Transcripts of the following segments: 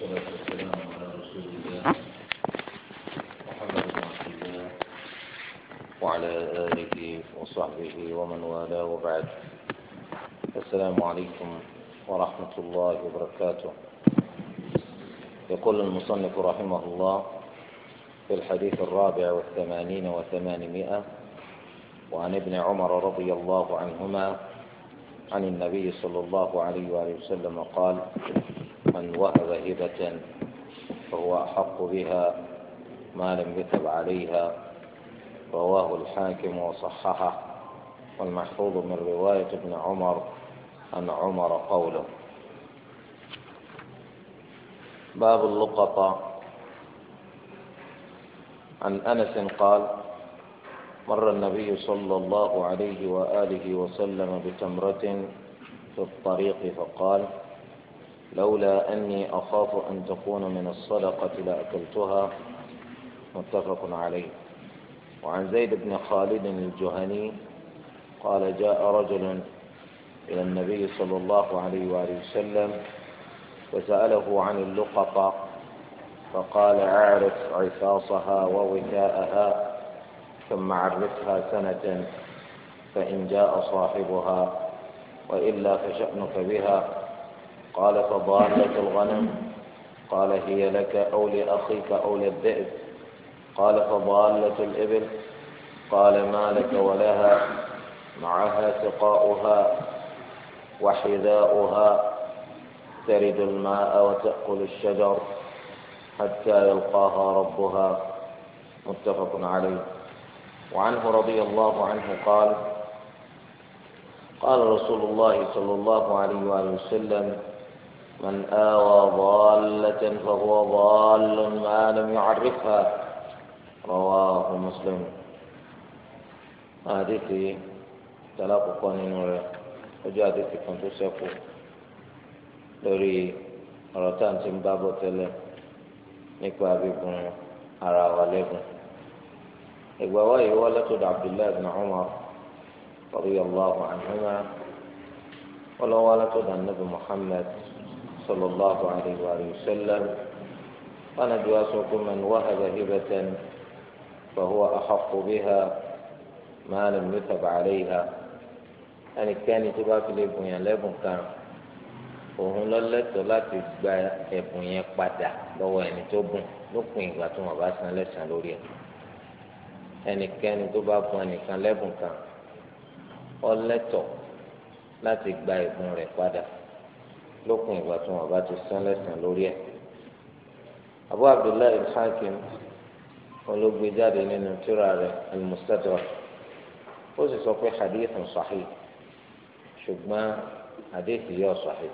والصلاة والسلام على رسول الله محمد وعلى آله وصحبه ومن والاه وبعد السلام عليكم ورحمة الله وبركاته يقول المصنف رحمه الله في الحديث الرابع والثمانين وثمانمائة وعن ابن عمر رضي الله عنهما عن النبي صلى الله عليه وآله وسلم قال من وهب هبة فهو أحق بها ما لم يثب عليها رواه الحاكم وصححه والمحفوظ من رواية ابن عمر أن عمر قوله باب اللقطة عن أنس قال مر النبي صلى الله عليه وآله وسلم بتمرة في الطريق فقال لولا أني أخاف أن تكون من الصدقة لأكلتها متفق عليه وعن زيد بن خالد الجهني قال جاء رجل إلى النبي صلى الله عليه وآله وسلم وسأله عن اللقطة فقال أعرف عصاصها ووكاءها ثم عرفها سنة فإن جاء صاحبها وإلا فشأنك بها قال فضالة الغنم قال هي لك أو لأخيك أو للذئب قال فضالة الإبل قال ما لك ولها معها سقاؤها وحذاؤها ترد الماء وتأكل الشجر حتى يلقاها ربها متفق عليه وعنه رضي الله عنه قال قال رسول الله صلى الله عليه وآله وسلم من آوى ضالة فهو ضال ما لم يعرفها رواه مسلم حديثي تلاقوا قانين ojú àdìsí kan tó ṣẹ́kù lórí ọ̀rọ̀ tá à ń ti ń bá bọ̀ tẹ́lẹ̀ nípa abígun ara wa lẹ́gùn. ìgbà wa yìí wọ́n lẹ́tọ̀dọ̀ abdullahi ibn umar radiyallahu anhuma wọ́n lọ́wọ́ lẹ́tọ̀dọ̀ anabi muhammad صلى الله عليه وآله وسلم أنا جواسكم من وهب هبة فهو أحق بها ما لم يثب عليها ẹnì kẹ́ni tó bá fi lè bùn yàn lẹ́bùn kan òun lọ́lẹ́tọ̀ọ́ láti gba ẹ̀bùn yẹn padà lọ́wọ́ ẹni tó bùn lópin ìgbà tó wọn bá san lẹ́sàn lórí ẹ̀ ẹnì kẹ́ni tó bá bùn ẹnìkan lẹ́bùn kan ọlẹ́tọ̀ọ́ láti gba ẹ̀bùn rẹ̀ padà lókun ìgbà tí wọn bá ti sán lẹ́sìn lórí ẹ̀ abu abdullahi al-hakim olóògbé jáde nínú tírà rẹ̀ al-mustadrak ó sì sọ pé hadithun sahih ṣùgbọ́n hadithi yóò sahih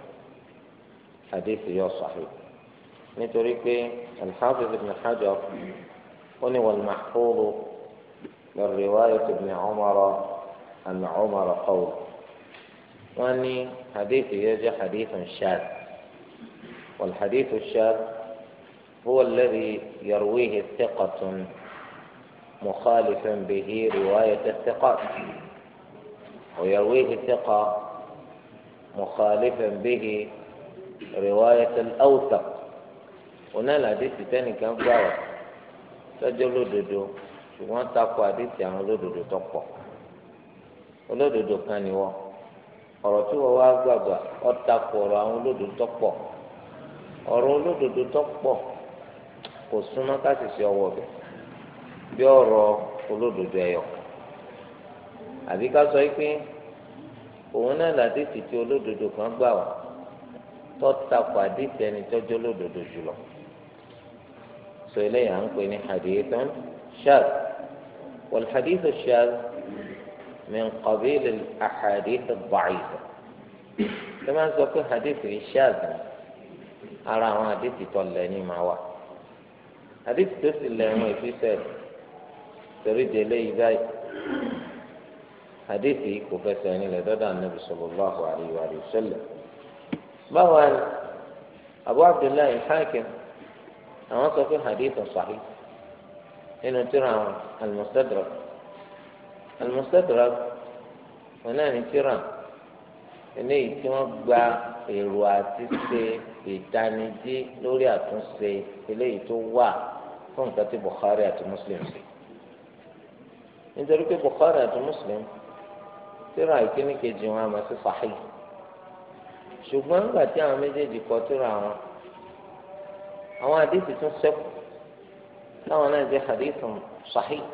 hadithi yóò sahih nítorí pé al-hafiz ibn hajar ó ní wal mahfuz min riwayat ibn umar an umar qawlu. واني حديث يجي حديث شاذ والحديث الشاذ هو الذي يرويه ثقة مخالف به رواية الثقات ويرويه ثقة مخالفا به رواية الأوثق هنا الحديث الثاني كان قال سجل دودو شو ما تقوى حديث يعني دودو تقوى ولو دودو كان يوه ọ̀rọ̀ tí wọ́n wá gbàgbà ọ̀tàkùn ọ̀rọ̀ àwọn olódodo tọ́pọ̀ ọ̀rọ̀ olódodo tọ́pọ̀ kò súnmọ́ káṣí sí ọwọ́ bẹ̀ bí ọ̀rọ̀ ẹ̀yọ̀ àbí ká sọ pé òun náà làdìsí tí olódodo kan gbà wá tọ́takùn ẹni tọ́jú jùlọ sọ eléyà ń pè ní من قبيل الأحاديث الضعيفة كما سأقول حديث الشاذ أرى حديث طلاني معه حديث الله ما في سر. تريد إليه ذلك حديثي كفتاني لدى النبي صلى الله عليه وآله وسلم ما هو أبو عبد الله الحاكم أنا في حديث صحيح إنه ترى المستدرك al-Mustadrak wọn náà ní tíra eléyìí tí wọn gba èrò àti ṣe ìdánidí lórí àtúnṣe eléyìí tó wà fún nǹkan tí Bukhari àti Muslim ṣe nítorí pé Bukhari àti Muslim tíra ìkíní kejì wọn àmọ́ sí sahih ṣùgbọ́n nígbà tí àwọn méjèèjì kọ tíra wọn àwọn àdìsí tún ṣẹ́kù táwọn náà jẹ́ hadithun sahih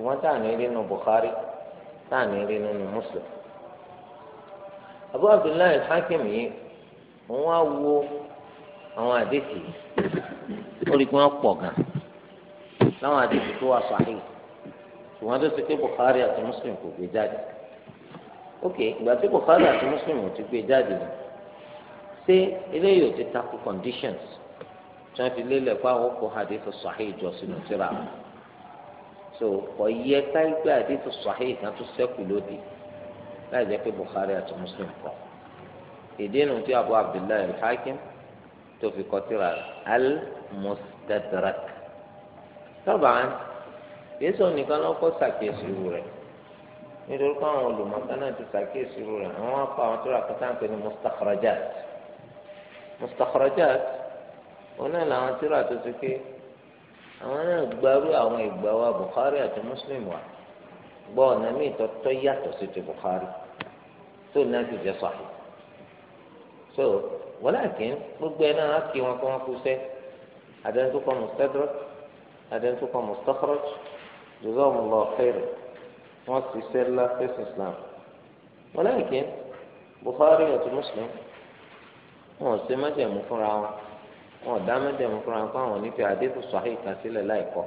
ṣùgbọ́n tá à ní rí nu Bukhari tá à ní rí nu Muslim Abu Abdullahi Hakim yìí òun á wo àwọn àdéhì ó rí i pé wọ́n pọ̀ gan láwọn àdéhì tó wà sàhí ṣùgbọ́n tó ti pé Bukhari àti Muslim kò gbé jáde ok ìgbà tí Bukhari àti Muslim ò ti gbé jáde ni ṣé eléyìí ò ti takò conditions tí wọ́n fi lélẹ̀ pé àwọn kò hadith sàhí jọ sínú síra wọn so kò yẹ ká gbé àdéhùn sahih kan tó sẹ́kù lóde láì jẹ́ pé Bukhari àti Muslim kọ́ ìdí nu tí Abu Abdullahi al-Hakim tó fi kọ́ tírà al-Mustadrak yéésù nìkan lọ́kọ́ sàkíyèsí rẹ̀ nítorí pé àwọn olùmọ̀ọ́ká náà ti sàkíyèsí rẹ̀ àwọn akọ àwọn tó rà ń pè ní mustakhrajat mustakhrajat onáà làwọn tírà tó ti ké àwọn náà gbarú àwọn ìgbà wa Bukhari àti Muslim wa gbọ́ ọ̀nà míì tọ́tọ́ yàtọ̀ sí ti Bukhari tó náà ti jẹ́ sahih so walakin gbogbo ẹ̀ náà á kí wọn kó wọn kú sẹ́ adẹ́ntukọ̀ mustadrak adẹ́ntukọ̀ mustakhraj jazakumullahu khairan wọn ti sẹ́ ńlá fẹ́sìn Islam walakin Bukhari àti Muslim wọn ò sẹ́ májẹ̀mú fúnra wọn wọn ò dá mẹ́tẹ̀ẹ̀mú fúnra wọn fáwọn onífẹ́ hadithu sahih kan sílẹ̀ láìkọ́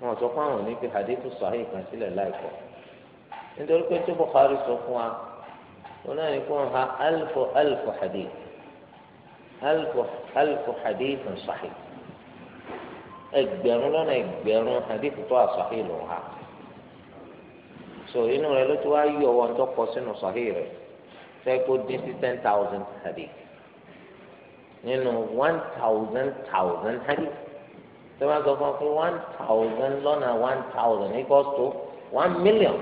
wọn sọ fáwọn onífẹ́ hadithu sahih kan sílẹ̀ láìkọ́ nítorí pé tó Bukhari sọ fún wa wọn náà ní kó wọn ha alfu alfu hadith alfu alfu hadith sahih ẹgbẹ̀rún lọ́nà ẹgbẹ̀rún hadith tó àsahih ló ha so inú rẹ ló ti wá yọ wọn tó kọ sínú sahih rẹ fẹ́ kó dín sí ten thousand hadith nínú one thousand thousand hadith tí wọ́n sọ fún ọ pé one thousand lọ́nà one thousand equals to one million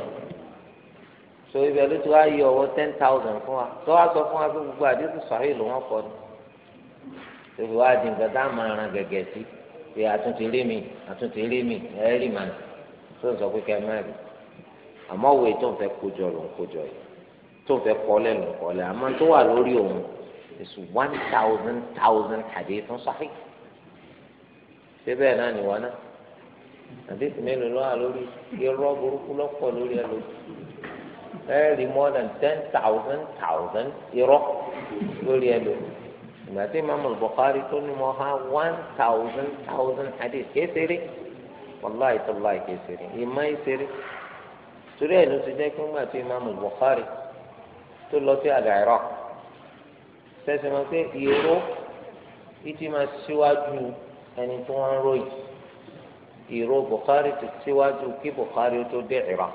so ibẹ̀ ló ti wá yọ ọwọ́ ten thousand fún wa tó wá sọ fún wa pé gbogbo àdéhùn sàhìn ló wọ́n kọ́ ni tòbí wá di nǹkan tá a máa ran gẹ̀gẹ̀ sí pé àtúntì rí mi àtúntì rí mi ẹ rí màá tó ń sọ pé kẹ́ ẹ má rí àmọ́ òwe tó ń fẹ́ kójọ ló ń kójọ yìí tó ń fẹ́ kọ́ lẹ́nu kọ́ lẹ́ àmọ́ tó wà lórí òun is one thousand thousand hadith sahih ṣé bẹ́ẹ̀ náà nìwọ náà hadith mélòó ló wà lórí irọ́ burúkú lọ́pọ̀ lórí ẹ lórí ẹ rí more than ten thousand thousand irọ́ lórí ẹ lórí ìgbà tí imaamu Bukhari tó ní mo ha one thousand thousand hadith kéṣeré wàláyé tó láyé kéṣeré ìmọ̀ ìṣeré torí ẹ̀ ló ti jẹ́ kí wọ́n gbà tí imaamu Bukhari tó lọ sí al-Iraq tẹsí ma pé ìró ìtì máa síwájú ẹni tí wọ́n ń ròyìn ìró Bukhari ti síwájú kí Bukhari tó dé ìrà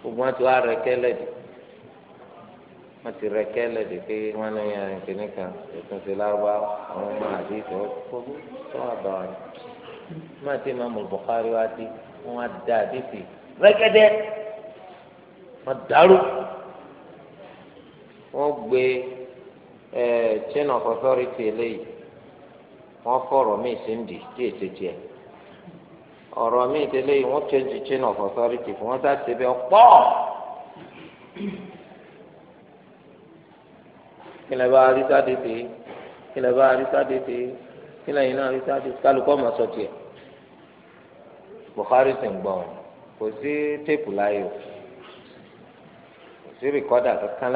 gbogbo wọn ti wá rẹ kẹlẹ dì wọn ti rẹ kẹlẹ dì pé wọn lè yan ìkíní kan ìtúnṣe lárúbá àwọn ọmọ àdé ìtọ́ gbogbo tó wà bá wọn má ti máa mú Bukhari wá dé wọn á da àdéhùn rẹgẹdẹ wọn dàrú wọn gbé. ẹ chain of authority wọn fọ ọrọ mi sí ń dì tí èsì ọrọ ọ̀rọ̀ míì tẹ́lẹ̀ wọ́n change chain of authority fún wọn sáà bẹ́ẹ̀ pọ̀ kílẹ̀ bá rí sáde tè kílẹ̀ bá rí sáde tè kílẹ̀ yìí náà rí sáde kálukọ́ mà sọ sì ń kò sí láyé o kò sí rìkọ́dà kankan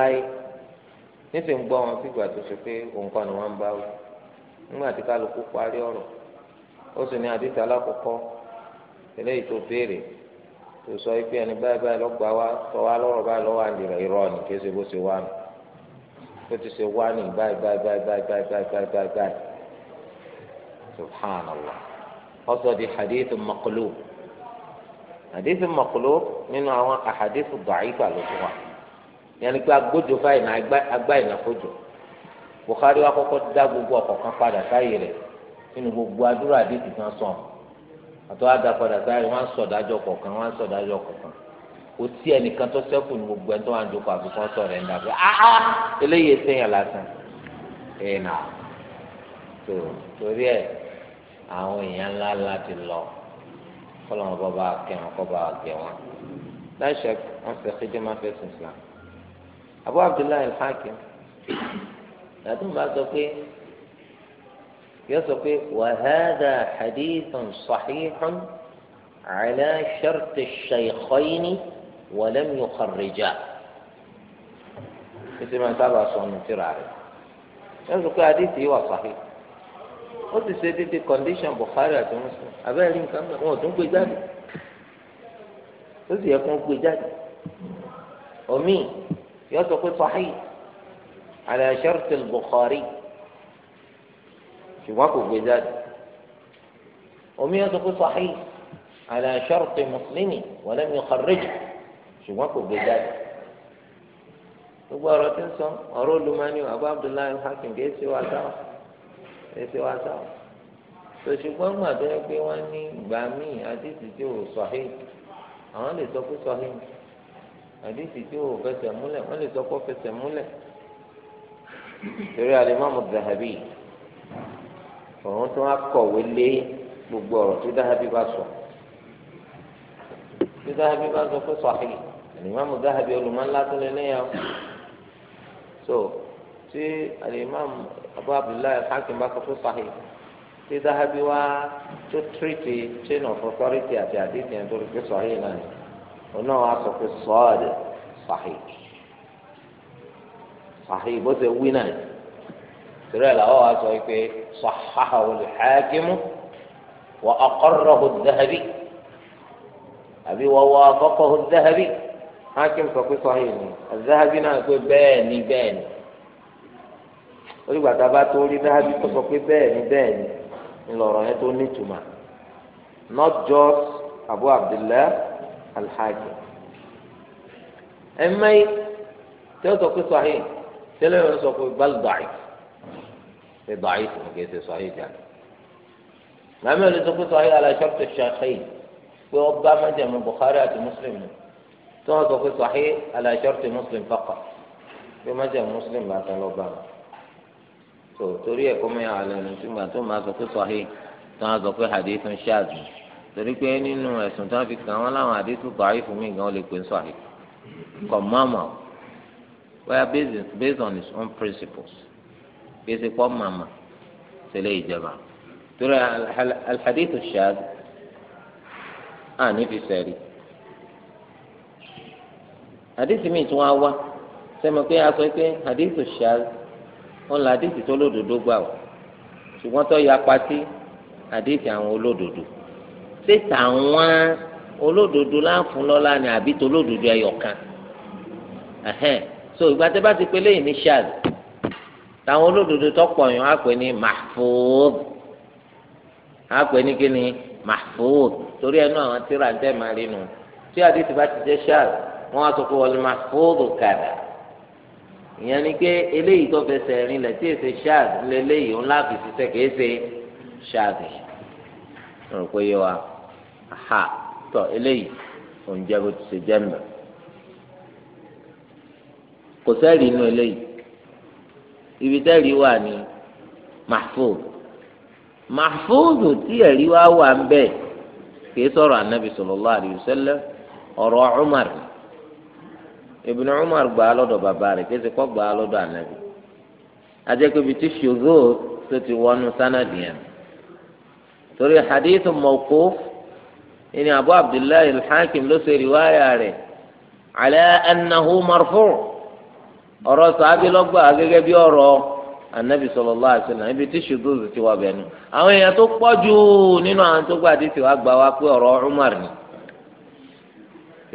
nísìnyí ń gbọ́ wọn fìgbà tó ṣe pé òǹkọ́ ni wọ́n ń bá wí nígbà tí kálukú parí ọ̀rọ̀ ó sì ní àdìsí alákọ̀ọ́kọ́ eléyìí tó béèrè tó sọ pé ẹni báyìí báyìí lọ́gbà wa sọ wá lọ́rọ̀ báyìí lọ́wọ́ àdìrẹ̀ irọ́ ni kí ṣe bó ṣe wá nù bó ti ṣe wá ní báyìí báyìí báyìí báyìí báyìí báyìí báyìí báyìí subhanallah ọsọ di hadith maqlub hadith nínú àwọn yẹn ni pé agbójo fáyìnà agbá ìnàkójò Bukhari wa kọ́kọ́ dá gbogbo ọ̀kọ̀ọ̀kan padà sáyè rẹ̀ nínú gbogbo àdúrà àdìsí kan sàn àtọ́ àdá padà sáyè wọn sọ̀dájọ́ kọ̀ọ̀kan wọn sọ̀dájọ́ kọ̀ọ̀kan kò sí ẹnìkan tó sẹ́kù ní gbogbo ẹni tó wà ń jókòó àbùkọ́ sọ̀rọ̀ ẹ̀ ń dàbí áá eléyìí sẹ́yìn lásán ẹ̀ nà tó torí ẹ̀ àwọn èèyàn ńlá ńlá lọ kọ́lọ́mọ bọ́ bá kẹ́ wọn láṣẹ wọn fẹ́ kéde má fẹ́ sùn Abu Abdullah al-Hakim yàtọ̀ máa sọ pé yóò sọ pé wàhádà hadithun sàhíhun àlà sharti shaykhayni wàlẹ́m yóò kọ̀rìjà. Títí máa sábà sọ ọ̀nà tíra rẹ̀. Yóò sọ pé hadith yi wà sàhíh. Ó ti ṣe dídí condition Bukhari àti Muslim. Abẹ́rẹ́ nǹkan náà wọn ò tún gbé jáde. Ó ti yẹ kun gbé jáde. Omi. yọ sọ pé sahih ala shart al-Bukhari ṣùgbọ́n kò gbé jáde omi yọ sọ pé sahih ala shart Muslim wa lam yukharrijhu ṣùgbọ́n kò gbé jáde gbogbo ọ̀rọ̀ tí ń sọ ọ̀rọ̀ olùmọ̀ọ́nì abu abdullahi hakim kì í ṣe wá sáwọn kì í ṣe wá sáwọn tòṣùgbọ́n gbàdúrà pé wọ́n ní gbàmí àti títí ò sahih àwọn lè sọ pé sahih àdìsí tí ò fẹsẹ̀ múlẹ̀ wọ́n lè sọ pé fẹsẹ̀ múlẹ̀ torí alimami Zahabi òun tó wá kọ̀wé lé gbogbo ọ̀rọ̀ tí Zahabi bá sọ tí Zahabi bá sọ pé sọ̀hìn alimami Zahabi olùmọ̀lá tó lé lẹ́yà o so tí alimami Abu Abdullahi Hakim bá sọ pé sọ̀hìn tí Zahabi wá tó tírìtì chain of authority àti àdìsí yẹn tó rí pé sọ̀hìn náà ni ọ̀nà wa sọ pé sọ́ọ̀dì sàhì sàhì bó ṣe wí náà tìrẹ̀ làwọn wa sọ pé sàhàhà wòlé xaakimu wà ọ̀kọ́rọ̀ hù dàbí àbí wà wà fọ́kọ̀ hù dàbí xaakimu sọ pé sàhì ni dàbí náà pé bẹ́ẹ̀ ni bẹ́ẹ̀ ni onígbàtà bá tó rí dàbí tó sọ pé bẹ́ẹ̀ ni bẹ́ẹ̀ ni ńlọrọ̀ yẹn tó nítumà not just abu abdullahi alhaji ẹ̀mẹ́ yìí tí ó sọ pé sahih tẹ́lẹ̀ yóò sọ pé bal da'if ṣe da'if fún kí ẹ ṣe sahih jà màmí olè sọ pé sahih ala shart ash-shaykhayn pé ọba májàmú Bukhari àti Muslim ni tí wọ́n sọ pé sahih ala shart Muslim faqat pé májàmú Muslim bá tán lọ́ba wọn tó torí ẹ̀kọ́ mẹ́yà alẹ́ nu tí wọ́n sọ pé sahih tí wọ́n sọ pé hadith ń ṣáàdùn torí pé nínú ẹ̀sùn tí wọ́n fi kàn wọ́n láwọn àdéhùn báyìí fún mi gan ó lè pè ń sọ àyè kọ̀ mọ́mọ́ wẹ́ẹ́ based on his own principles gbèsè pọ́ màmá tẹ̀lé ìjọba torí alhadithu shad à ní fi sẹ́rí àdéhùn mi tún wá wá sẹ́mi pé a sọ pé hadithu shad wọn là àdéhùn tó lódodo gbà o ṣùgbọ́n tó yapa sí àdéhùn àwọn olódodo ṣé tàwọn olódodo láǹfún lọ́la ni àbí tolódodo ẹyọkan so ìgbà tẹ bá ti pé lẹ́yìn ní ṣáàlì táwọn olódodo tọ́pọ̀ yàn á pè ní mahfud á pè ní kí ni mahfud torí ẹnu àwọn tíra ń tẹ́ máa rí nu tí àdìsí bá ti jẹ́ ṣáàlì wọ́n á sọ wọlé mahfud kàdà ìyẹn ni pé eléyìí tó fẹsẹ̀ rìn lẹ̀ tí èsè ṣáàlì lélẹ́yìí ńlá fi ṣiṣẹ́ kìí ṣe ṣáàlì pé yẹ wa. aha tọ eléyìí oúnjẹ bó ti ṣe jẹ́ mbẹ́ kò sẹ́ẹ̀rì inú eléyìí ibi tẹ́ẹ̀rì wà ní mahfud mahfud tí ẹ̀rí wá wà ń kìí sọ̀rọ̀ anabi sallallahu alaihi ọ̀rọ̀ Ibn Umar gbà á lọ́dọ̀ bàbá rẹ̀ kìí ṣe kọ́ gbà á lọ́dọ̀ anabi ajẹ́kọ̀bi tí ṣòro tó hadith mawquf. إن أبو عبد الله الحاكم له رواية عليه على أنه مرفوع ọ̀rọ̀ sàábì lọ́gbà gẹ́gẹ́ bí ọ̀rọ̀ anabi sallallahu alaihi wasallam ibi tí ṣùgbọ́n ti wà bẹ́ẹ̀ ni àwọn èèyàn tó pọ̀ jù nínú àwọn tó tiwa gbà ku pé ọ̀rọ̀ ni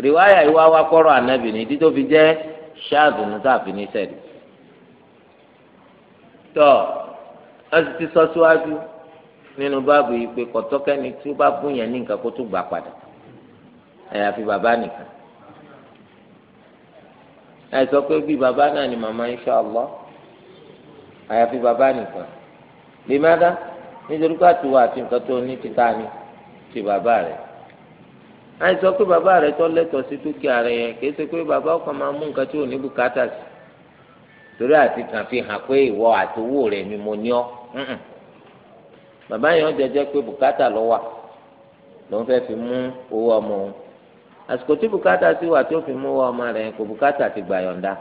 rìwáyà ìwà wa kọ́rọ̀ ni fi nínú báàbù yìí pé kọ̀tọ́kẹ́ni tí ó bá bùn yẹn ní nǹkan kó tó gbà padà àyàfi bàbá nìkan pé bí bàbá náà ni màmá insha Allah àyàfi bàbá nìkan lè má dá nítorí pé àtiwọ́ àti nǹkan tó ní ti ta ni ti bàbá pé bàbá lẹ́tọ̀ọ́ sí dúkìá yẹn torí àti kàn fi hàn pé ìwọ rẹ̀ ni mo ní bàbá yẹn jẹjẹ pé bùkátà ló wà ló ń fẹ́ fi mú owó ọmọ òun àsìkò tí bùkátà ti wà tó fi mú owó ọmọ rẹ̀ kò bùkátà ti gbà yọ̀ǹda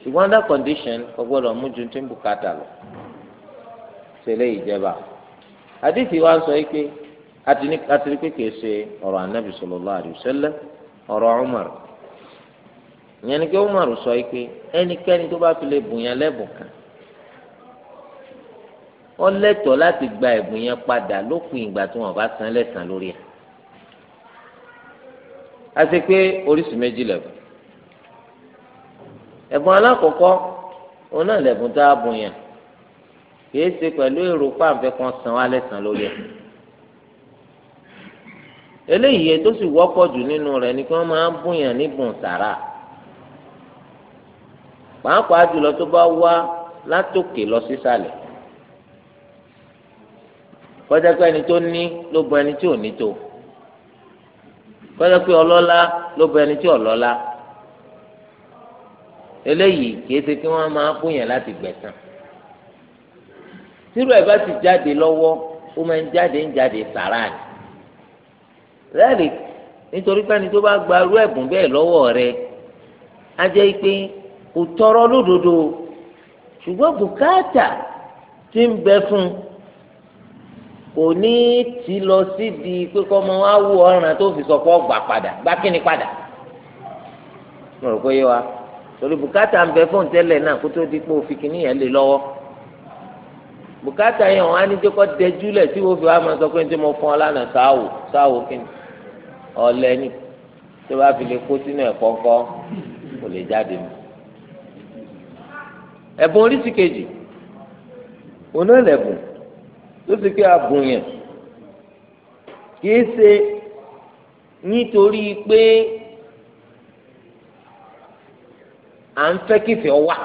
ṣùgbọ́n under condition kò gbọ́dọ̀ mú ju tí ń bùkátà lọ ṣẹlẹ̀ ìjẹba àdìsí wa sọ pé àtìrí pé kìí ṣe ọ̀rọ̀ anábì sallallahu alaihi wasallam ọ̀rọ̀ Umar ìyẹn ni pé Umar sọ pé ẹnikẹ́ni tó bá fi lè bùn yẹn lẹ́bùn kan wọ́n lẹ́tọ̀ọ́ láti gba ẹ̀bùn yẹn padà lópin ìgbà tí wọ́n bá san lẹ́san lórí ẹ̀. a ṣe pé oríṣìí méjì lẹ́bùn ẹ̀bùn alákọ̀ọ́kọ́ òun náà lẹ́bùn tá a bùn yẹn kìí ṣe pẹ̀lú èrò pàǹfẹ́ kan san wá lẹ́san lórí ẹ̀. eléyìí ètò sì wọ́pọ̀ jù nínú rẹ̀ ni kí wọ́n máa ń bùn yẹn níbùn sàrà pàápàá jùlọ tó bá wá látòkè lọ sísàlẹ̀ kọjá pé ẹni tó ní ló bọ ẹni tí ò ní tó kọjá pé ọlọ́lá ló bọ ẹni tí ọlọ́lá eléyìí kìí ṣe kí wọ́n máa bóyàn láti gbẹ̀san tírú ẹ̀ bá ti jáde lọ́wọ́ ó máa ń jáde ń jáde sàrà ni rẹ́ẹ̀lì nítorí pé ẹni tó bá gba irú ẹ̀bùn bẹ́ẹ̀ lọ́wọ́ rẹ á jẹ́ pé kò tọrọ lódodo ṣùgbọ́n bùkátà ti ń bẹ fún un kò ní ti lọ síbi pé kọ́ ọmọ wa wú ọ̀ràn tó fi sọ pé ọgbà padà gbá kíni padà mo rò pé yé wa torí bùkátà ń bẹ fóun tẹ́lẹ̀ náà kó tó di pé òfin kìíní yẹn lè lọ́wọ́ bùkátà yẹn wọn á ní jẹ́ kó dẹjú lẹ̀ tí wọ́n fi wá máa sọ pé ní tí mo fún ọ lánàá sáwò sáwò kíni ọ̀lẹ ni tó bá fi lè kó sínú ẹ̀kọ́ kọ́ kò lè jáde mu ẹ̀bùn oríṣi kejì òun náà lẹ̀bùn tó sì pé àbùn yẹn kìí ṣe nítorí pé à ń fẹ́ kífẹ́ wà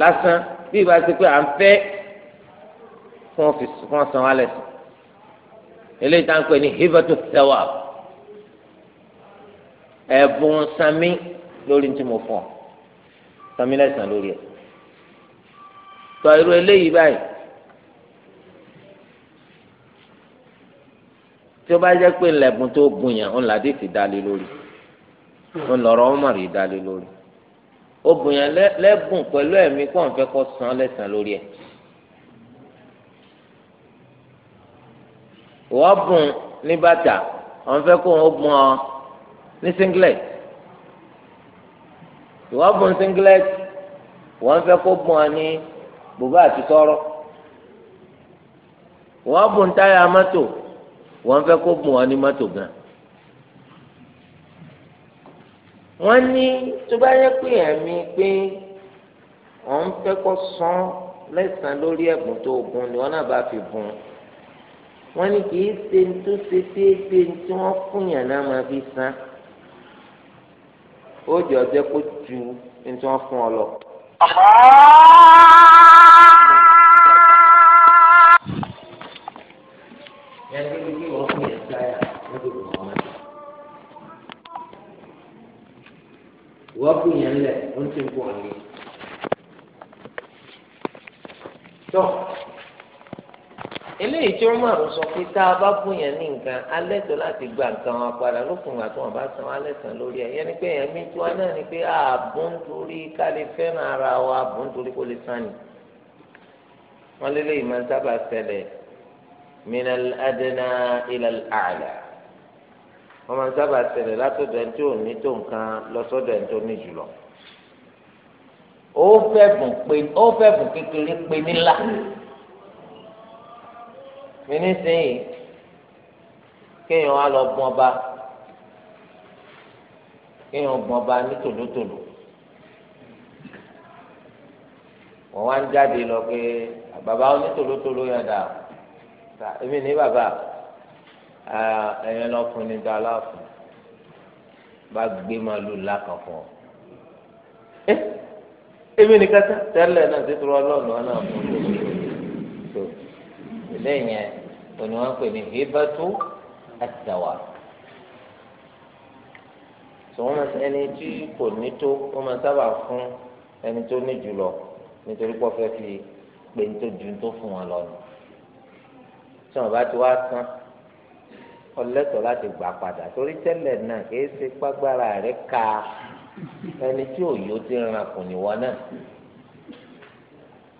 lásán bí ìbá ṣe pé à ń fẹ́ fún ọ̀sán wa lẹ́sìn eléyìí tá à ń pè ní hibatu tẹwà ẹ̀bùn sami lórí tí mo fọ̀ sami lẹ́sìn lórí ẹ̀ tọ irú eléyìí báyìí tí ó bá jẹ́ pé ńlẹ̀kùn tó bùnyàn ń làdí ti dalé lórí ń lọ́rọ̀ ọmọ rí dalé lórí ó bùnyàn lẹ́bùn pẹ̀lú ẹ̀mí kó n fẹ́ kó san lẹ́sàn lórí ẹ̀ wọ́n bùn ní bàtà wọ́n fẹ́ kó wọ́n bùn ọ ní singlet wọ́n bùn singlet wọ́n fẹ́ kó bùn ọ ní bùbá àti tọrọ wọ́n bùn táyà mọ́tò wọ́n fẹ́ kó bùn wọn ní mọ́tò gan wọ́n ní tó bá yẹ pé ẹ̀mí pé wọ́n fẹ́ kó san lẹ́sàn lórí ẹ̀bùn tó bùn ni wọ́n náà bá fi bùn wọ́n ní kì í ṣe tó ṣe déédéé tí wọ́n fún náà máa fi san ó jọ jẹ́ kó ju ní tí wọ́n fún ọ lọ. ìwọ́pù yẹn lẹ̀ ó ń ti ń pọ̀ ní. tó eléyìí tí wọ́n máa sọ pé tá a bá fún yẹn ní nǹkan alẹ́ tó láti gba nǹkan wọn padà lókun àti wọn bá san alẹ́ tán lórí ẹ̀ yẹn ni pé ẹ̀mí tí wọn náà ni pé ààbùn torí ká lè fẹ́ràn ara wa ààbùn torí kó lè sàn ní. wọ́n lélẹ́yìí máa ń sábà ṣẹlẹ̀ minal adana ilal ala wọn máa ń sábà tẹ́lẹ̀ látọ̀dọ̀ ẹni tó ní tó nǹkan lọsọ́dọ̀ ẹni tó ní jùlọ ó fẹ̀bùn pé ó fẹ̀bùn kékeré pé nílá mi nísìnyí kéèyàn wá lọ gbọ́n ba kéèyàn gbọ́n ba ní tòlótòló wọn wá ń jáde lọ pé bàbá onítòlótòló yẹn dà èmi ní bàbá ẹ̀yẹn lọ́kùnrin da aláàfin bá gbé màálù lákàn fún ọ. ẹ eh, èmi nìkan tẹ tẹ́lẹ̀ náà ti tọrọ ọlọ́ọ̀nù wọn náà fún mi. tó lẹ́yìn yẹn òní wọn pè ní hibatu àtàwà. tó wọn máa ẹni tí kò ní tó wọn máa sábà fún ẹni tó ní jùlọ nítorí pé wọn fẹ́ fi pé ní tó ju tó fún wọn lọ nù. tí wọn bá ti wá tán ọlẹ́tọ̀ láti gbà padà torí tẹ́lẹ̀ náà kìí ṣe pàgbára rẹ̀ ka ẹni tí òyò ti ràn kù níwọ náà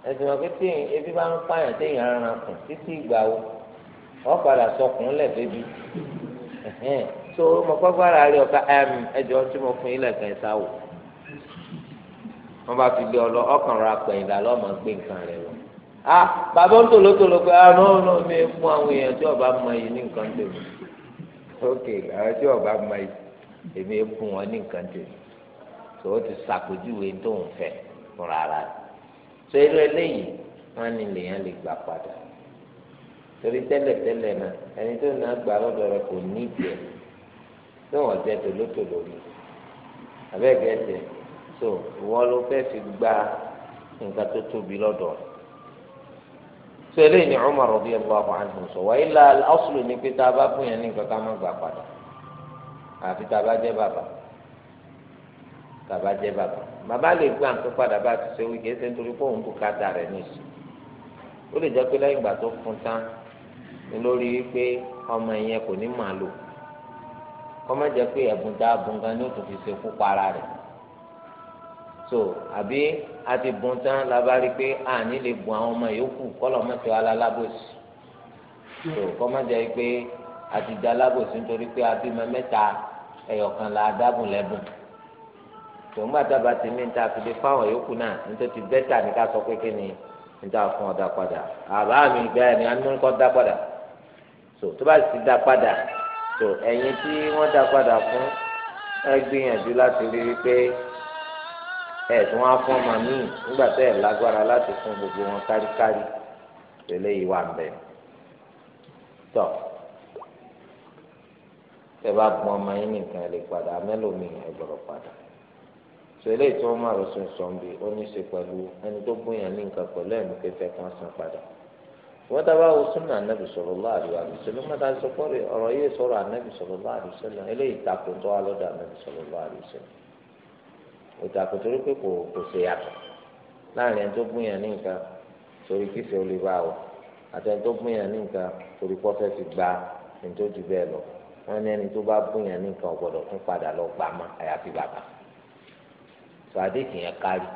ẹsìn wọn pété ebi bá ń pààyàn téèyàn ràn kù títí ìgbà wo wọn padà sọkùn lẹ́ẹ̀bẹ́bí so mo pàgbára rẹ̀ ọ̀ka ẹjọ́ tí mo fún ilẹ̀ kan ẹ̀sà wò wọn bá fi gbé ọ lọ ọkàn rà pẹ̀yìndà lọ́mọ gbé nǹkan rẹ̀ wọ̀ a ah, bàbá ń tòlótòló pé àrùn ah, ọ̀nà mi mú àwọn èèyàn tí ọba mọ yìí ní nǹkan tèmi ok àwọn tí ọba mọ yìí èmi fún wọn ní nǹkan tèmi tó o ti ṣàpèjúwe tó ń fẹ́ fúnra rà tó irú eléyìí wọn ní lèèyàn lè gbà padà torí tẹ́lẹ̀ tẹ́lẹ̀ náà ẹni tó náà gbà lọ́dọ̀ rẹ kò ní ìjẹ́ tó wọ́n jẹ́ tòlótòló rí abẹ́gẹ́ tẹ̀ so ìwọ ló fẹ́ fi gba nǹkan tó tóbi lọ́dọ̀ rẹ sọ eléyìí ni Umar radiyallahu anhu sọ wa illa al-aslu ni pé tá a bá fún yẹn ní nǹkan ká má gbà padà àfi tá a bá jẹ́ bàbá tá a bá jẹ́ bàbá bàbá lè gbà nǹkan padà bá ti ṣe wíkẹ́ ṣe nítorí pé òun kò ká da rẹ̀ níṣu ó lè jẹ́ pé lẹ́yìn ìgbà tó fún tán ni lórí wípé ọmọ yẹn kò ní màlúù kọ́mọ́jẹ́ pé ẹ̀bùn tá gan ni ó tún fi ṣe fún para rẹ̀ so àbí a ti bùn tán labari pé àní lè bùn àwọn ọmọ yòókù kọlọ mọtò alalábòsí so kọmọjà yìí pé a ti da alábòsí nítorí pé a bí ma mẹ́ta ẹyọkan la dábùn lẹbùn so ńgbà tá a bá ti ní níta fi lè fáwọn yòókù náà nítorí ti bẹ́tà ní ká sọ pé kí ni níta fún ọ̀dà padà àbá mi bẹ́ẹ̀ ni a ní kọ́ dá padà so tó bá ti dá padà so ẹ̀yin tí wọ́n dá padà fún ẹ gbìyànjú láti rí i pé ẹ tí wọn á fún ọmọ míì nígbà tẹ ẹ lágbára láti fún gbogbo wọn káríkárí tẹ́lẹ̀ yìí wà bẹ́ẹ̀ tọ tẹ bá gbọn ọmọ yín nìkan ẹ lè padà mẹlòmíì ẹ gbọ́dọ̀ padà tẹ́lẹ̀ tí wọn máa rọṣùn sọmbi ó ní í ṣe pẹ̀lú ẹni tó gbóyàn ní nǹkan pẹ̀lú ẹni pé fẹ́ kàn san padà wọn dábàá wo súnà anábì sọ̀rọ̀ lọ àdìwà àdìsẹlẹ wọn dáa sọ pé ọ̀rọ̀ yìí sọ̀rọ̀ anábì sọ̀rọ̀ lọ àdìsẹlẹ eléyìí takò tó wà lọ́dọ̀ anábì sọ̀rọ̀ lọ àdìsẹlẹ. ètò àkótórí pé kò kò ṣe yàtọ̀ láàrin ẹni tó gbìyàn ní nǹkan torí o àti ẹni tó gbìyàn ní nǹkan torí gba ẹni tó jù bẹ́ẹ̀ lọ wọ́n ní ẹni tó bá gbìyàn ní nǹkan tún padà lọ gbà má àyàfi bàbá tó àdéhùn yẹn kárí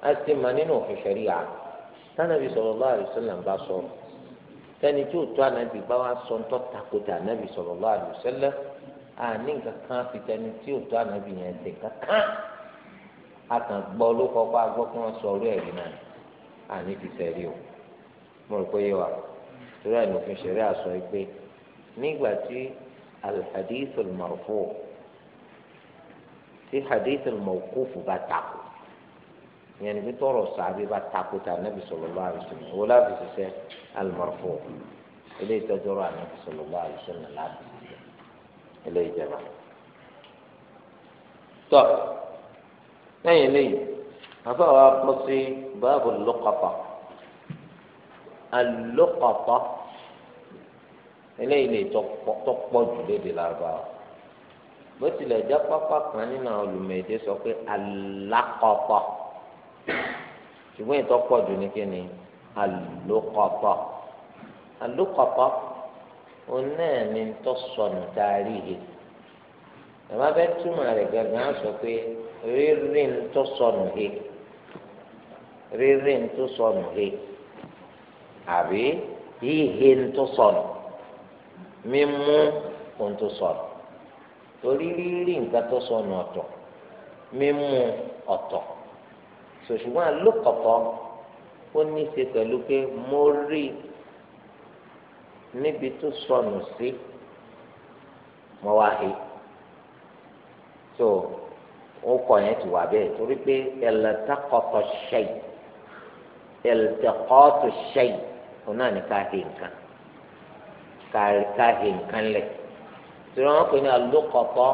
a ti mọ nínú òfin ṣẹ̀rí à tánàbí bá sọ tẹni tí ò tó ànábì bá wá sọ ń tọ́ takòtà ànábì nǹkan kan fi tẹni tí ò tó ànábì yẹn nǹkan kan. àtàn gbọ́ ló kọ́kọ́ agbọ́ kí wọ́n sọ orí ẹ̀rí náà àní ti sẹ́rí o mo rò pé yé wa torí àìní òfin ṣẹ̀rí àsọ yìí pé nígbà tí al-hadith al-marfu' tí hadith al-mawquf bá takò ìyẹn níbi tọrọ sàbí bá takò tà nàbì sallallahu alaihi wasallam wọ́n láti ṣiṣẹ́ al-marfu' ilé ìtọ́jọ́rọ̀ ànàbì sallallahu alaihi wasallam láti ṣiṣẹ́ ilé ìjẹba. tọ́ lẹ́yìn eléyìí bàbá wa bọ́ sí báàbò lọ́kọ̀tà alọ́kọ̀tà eléyìí lè tọ́pọ̀ jù léde lárúbáwá bó tilẹ̀ jẹ́ pápá kan nínú àwọn olùmọ̀èdè sọ pé alákọ̀tà ṣùgbọ́n ìtọ́pọ̀ jù ní kíni alọ́kọ̀tà alọ́kọ̀tà onáàmì tó sọnù tá a rí he ẹ̀ má bẹ́ẹ̀ túmọ̀ rẹ̀ gẹ́gẹ́ sọ pé rírì ń tó sọnù he rírì ń tó sọnù he àbí híhe ń tó sọnù mímú ń tó sọnù torí rírì nǹkan tó sọnù ọ̀tọ̀ mímú ọ̀tọ̀ sòṣùgbọ́n àlùkọ̀tọ̀ ó ní í ṣe pẹ̀lú pé mo rí níbi tó sọnù sí mo wá he so ó kọ yẹn ti wà bẹ́ẹ̀ torí pé ẹlẹtẹkọtọ ṣẹyì ẹlẹtẹkọtọ ṣẹyì òun náà ní ká he nǹkan ká he nǹkan lẹ torí wọn pè ní alókọtọ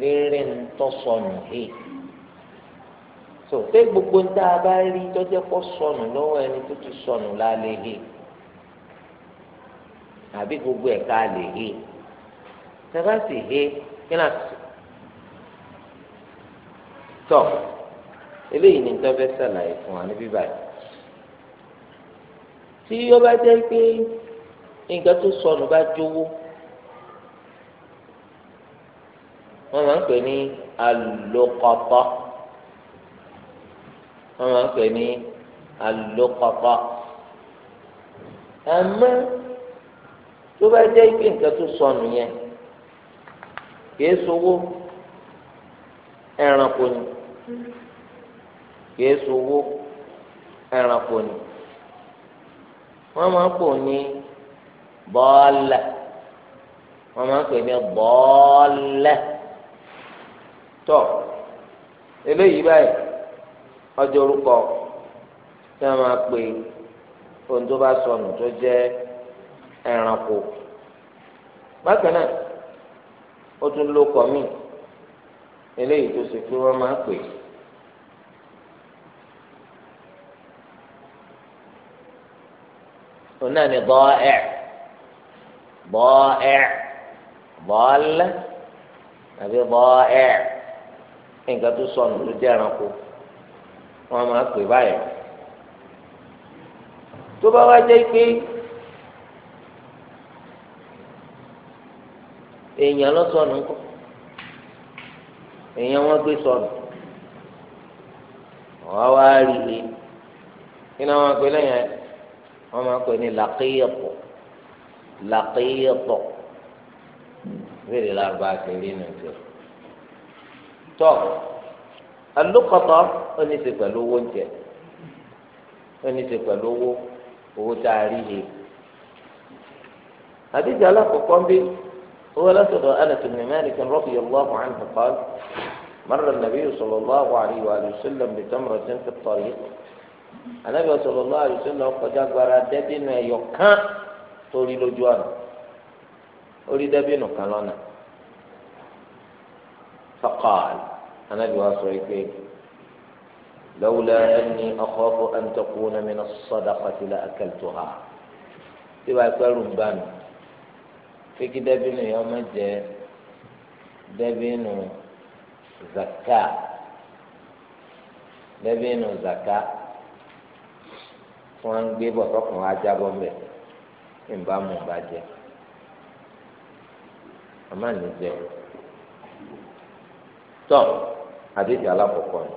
rírì ń tọ́sọnù he so pé gbogbo ń tá a bá rí tọ́jẹ́ pọ̀ sọnù lọ́wọ́ ẹni tó ti sọnù la he àbí gbogbo ẹ̀ ká lè he tẹ́ sì he kí náà tọ́ eléyìí ni tọ́ fẹ́ sàlàyé fún wa níbí báyìí tí ó bá jẹ́ pé nǹkan tó sọnù bá jówó wọ́n máa ń pè ní alókọ̀tọ́ wọ́n máa ń pè ní alókọ̀tọ́ àmọ́ tó bá jẹ́ pé nǹkan tó sọnù yẹn kìí sowó ẹranko ni kìí sowó ẹranko ni wọ́n máa ń pò ní bọ́ọ̀lẹ̀ wọ́n máa ń pè ní bọ́ọ̀lẹ̀ tọ́ eléyìí báyìí ọjọ́ orúkọ tí wọ́n máa pè ohun tó bá sọnù tó jẹ́ ẹranko bákan náà ó tún lókọ míì eléyìí tó ṣe pé wọ́n máa pè é. òun náà ni bọ́ ẹ̀ bọ́ ẹ̀ bọ́ọ̀lẹ́ àbí bọ́ ẹ̀ nǹkan tó sọnù tó jẹ́ ẹranko wọ́n máa pè báyìí tó bá wá jẹ́ pé èèyàn lọ sọnù ńkọ́ èèyàn wọn gbé sọnù wọ́n wá rí i kí ni wọ́n pè lẹ́yìn ẹ̀. wọ́n máa ń pè ní làkìyàpọ̀ làkìyàpọ̀ ìbéèrè lárúbá ti rí nù tó tọ́ alókọ̀tọ̀ ó ní ṣe pẹ̀lú owó oúnjẹ ó ní ṣe pẹ̀lú owó owó tá a rí he àdìjọ alákọ̀ọ́kọ́ ń bí owó lọ́sọ̀dọ̀ Anas ibn Malik radiyallahu anhu qala مر النبي صلى الله عليه وآله وسلم بتمرة tẹ́ńtẹ̀ الطريق anabi sallallahu alaihi wasallam kọjá gbára dẹbìnú ẹyọ kán torí lójú ọ̀nà orí dẹbìnú kan lọ́nà faqal anabi wa sọ pé lawla anni akhafu an takuna min as-sadaqati la akaltuha tí wàá pẹ́rù ń bá mi fíkí yẹn ọmọ jẹ dẹbìnú zaka dẹbìnú zaka. tí ń gbé bọ̀ tọkùn ajábọ̀ mbẹ̀ nígbà mú bá jẹ àmà ní jẹ tọ́ àdéjà alákọ̀ọ́kọ́ ni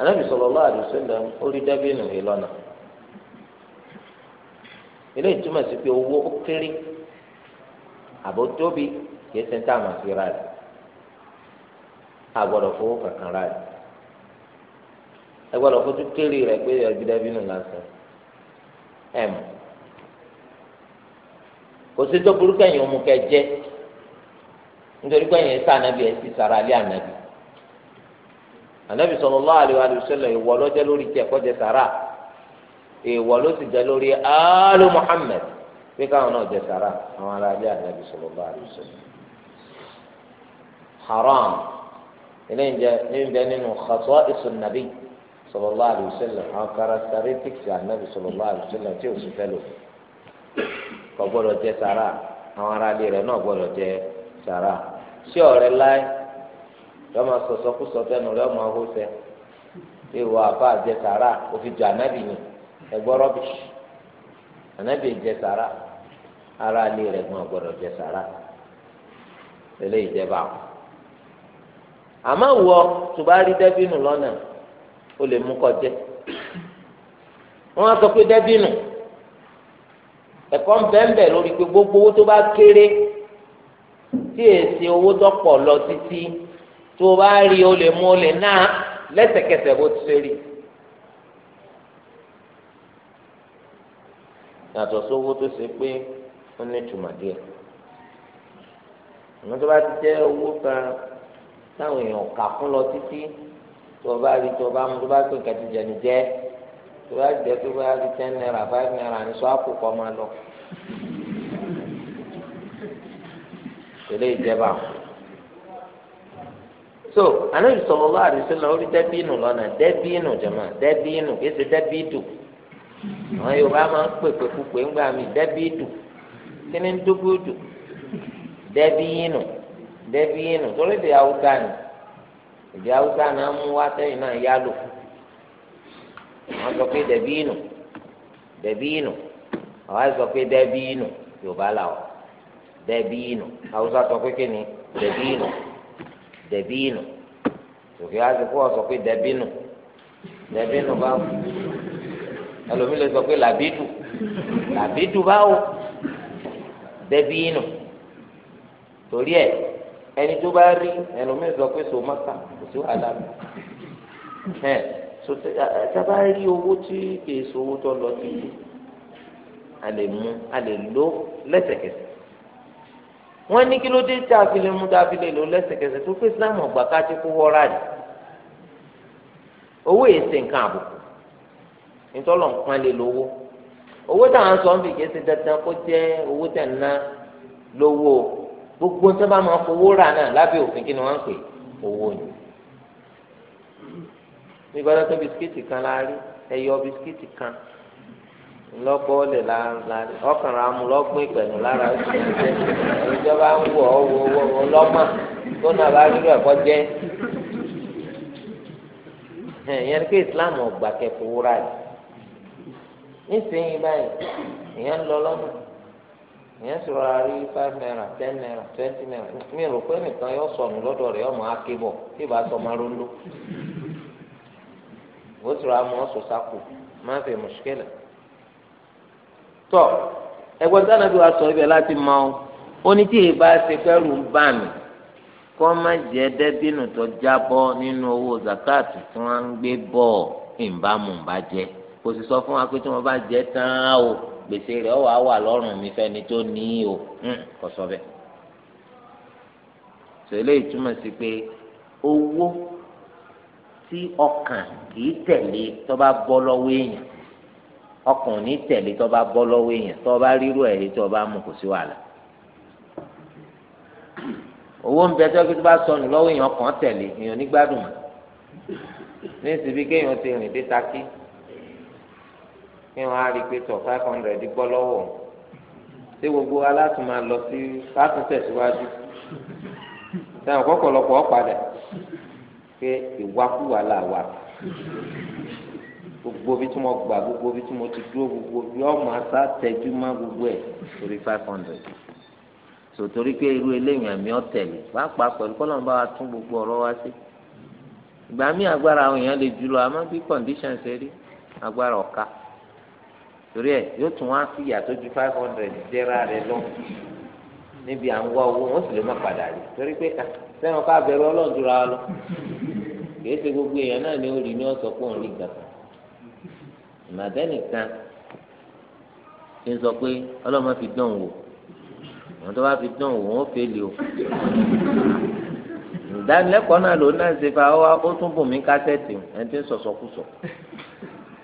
anábì sallallahu alaihi wasallam orí dábìnù ìlọ́nà ilé ìtumọ̀ sí pé owó ó kéré àbò tóbi kìí ṣe ń ẹ gbọ́dọ̀ fojú kéré rẹ̀ pé ẹbí dẹbí nù lásán ẹ mọ kò sí tó burúkú ẹ̀yin òmu kẹ jẹ nítorí pé ẹ̀yin sá ànábì ẹ sì sara alẹ ànábì ànábì sallallahu alaihi wasallam ìwọ ló jẹ lórí tiẹ̀ kọjẹ sara ìwọ ló sì jẹ lórí alu Muhammad pé káwọn náà jẹ sara àwọn ará alẹ ànábì sallallahu alaihi wasallam haram ilé ń jẹ ní bẹ nínú khasa'is an-nabi. sallallahu alaihi wasallam àwọn karakitaritikisi anabi sallallahu alaihi tí o sì fẹ́ lò kò gbọ́dọ̀ jẹ sara àwọn ará ilé náà gbọ́dọ̀ jẹ láì jẹ sara òfin anabi ni ẹgbọ anabi jẹ sàrà ará náà jẹ sara eléyìí jẹ báwọn àmọ́ wọ dẹbínú ó lè mú kó jẹ wọn á sọ pé dẹbìnù ẹ̀kọ́ ń bẹ́ẹ̀ lórí pé gbogbo owó tó bá kéré tí èsì owó tọ́pọ̀ lọ títí tó bá rí o lè mú o lè ná lẹ́sẹ̀kẹsẹ̀ bó ti ṣe rí. yàtọ̀ sówó tó ṣe pé ó ní ìtumọ̀ díẹ̀ àwọn tó bá ti jẹ́ owó kan táwọn èèyàn kà fún lọ títí tó o bá rí tó o bá mú tó o jẹ níjẹ jẹ tó So, bá rí ten naira five naira ní sọ àpò kọ́ lọ. tẹ̀lé ìjẹba so anabi sallallahu alaihi wasallam orí dẹbìínù lọnà dẹbìínù jẹmọ dẹbìínù kìí dẹbìídù àwọn yorùbá máa ń pèpè púpè ńgbà mí dẹbìídù kí ń dúgbò dẹbìínù dẹbìínù torí di awúgá ni. èdè haúsá náà mú wá sẹ́yìn náà yá lò wọ́n sọ pé dẹ̀bí inú dẹ̀bí inú àwọn àìsọ pé dẹ̀bí inú yorùbá là wọ́n dẹ̀bí inú haúsá sọ pé kíni dẹ̀bí inú dẹ̀bí inú òkè wá sí kó wọ́n sọ pé dẹ̀bí inú dẹ̀bí inú báwo ẹlòmíì lè sọ pé làbídù làbídù báwo dẹ̀bí inú torí ẹ̀ ẹni tó bá rí ẹlòmíì sọ pé sọ mọ́ta kò sí wàhálà mi ẹ so tábà rí owó tí kìí sọ tó lọ sí yìí a lè mú a lè lò lẹ́sẹ̀kẹsẹ̀ wọ́n ní kí ló dé tá a fi lè mú tá a fi lè lò lẹ́sẹ̀kẹsẹ̀ tó pé islam ọgbà ká ti kó wọ́ra rẹ̀ owó yìí ṣe nǹkan àbùkù nítorí nǹkan lè lówó owó táwọn sọ ń fi kìí ṣe dandan kó jẹ́ owó tẹ̀ ń ná lówó o gbogbo tó bá máa fowó rà náà lábẹ́ òfin kí ni wọ́n ń pè owó ni. ní gbọ́dọ̀ tó bisikíìtì kan la rí ẹyọ bisikíìtì kan lọ́pọ̀ lè la la ọkàn rà mú lọ́gbọ́n ìpẹ̀lú lára ìjọba ń wọ̀ ọ́ wọ ọlọ́gbọ́n tó náà bá rírọ̀ ẹ̀kọ́ jẹ́ ìyẹn ni pé Islam ọgbà kẹfọ wúrà yìí nísìnyí báyìí ìyẹn ń lọ lọ́nà ìyẹn sì rọra rí five naira ten naira twenty naira mi rò pé nìkan yóò sọnù lọ́dọ̀ rẹ̀ ọmọ akébọ̀ tí ìbá sọ ma ló ń lò ó sì rọra mọ ọsọ sáko máa fi mùsùkìlà tọ ẹgbẹ́ sáná bí wàá sọ ibẹ̀ láti mọ ọ ó ní tí ìbá ṣe fẹ́rù ń bà mí kọ́ má jẹ́ dẹ́bínú tó jábọ́ nínú owó zakati tí wọ́n ń gbé bọ̀ ìbámu ń kò sì sọ fún wa pé tí wọ́n bá jẹ́ tán á o gbèsè rẹ̀ ọ̀ wá wà lọ́rùn mi ni tó ní o hmm, kò sọ bẹ́ẹ̀. sọ̀rọ̀ ìtumọ̀ sí pé owó tí ọkàn kìí tẹ̀lé tó bá bọ́ lọ́wọ́ èèyàn ọkàn ò ní tẹ̀lé tó bá bọ́ lọ́wọ́ èèyàn tó bá rírú ẹ̀rí tó bá mú kò sí wàhálà. owó ń bẹ tó kí tó bá sọnù lọ́wọ́ èèyàn ọkàn tẹ̀lé èèyàn nígbádùn mọ́ ní ìsìnkú kéèyàn ti rìn dé takí kí wọn á rí i pé tọ five hundred gbọ́ lọ́wọ́ ṣé gbogbo aláàtún máa lọ sí láti tẹ̀síwájú sẹ́wọ̀n kọ́kọ́lọpọ̀ ọ̀padà pé ìwákùwà là wà gbogbo bí tí mo gbà gbogbo bí tí mo ti dúró gbogbo bí ọmọ asá tẹjú má gbogbo ẹ̀ torí five hundred sòtórí pé irú eléyìí àmì ọ̀tẹ̀lẹ̀ pàápàá pẹ̀lú kọ́lọ́n bá wa tún gbogbo ọ̀rọ̀ wa sí ìgbà míì agbára àwọn èèyàn lè jù lọ bí condition ṣe rí agbára ọ̀ka torí ẹ yóò tún wá sí ìyàtọ̀ ju five hundred jẹ́ra rẹ lọ níbi à ń wá owó wọn sì lè má padà rí torí pé sẹ́wọ̀n ká bẹ̀rù ọlọ́run dúra wa lọ kìí ṣe gbogbo èèyàn náà ni ó rí ní ọ̀sọ̀ pé òun rí gan ìmàdẹ́nìkan ti sọ pé ọlọ́run fi dán wò àwọn tó bá fi dán wò wọ́n fẹ́ lè o ìdánilẹ́kọ̀ọ́ náà ló náà ṣe fa ó tún bùnmí kásẹ̀tì ẹni tí ń sọ̀sọ̀kùsọ̀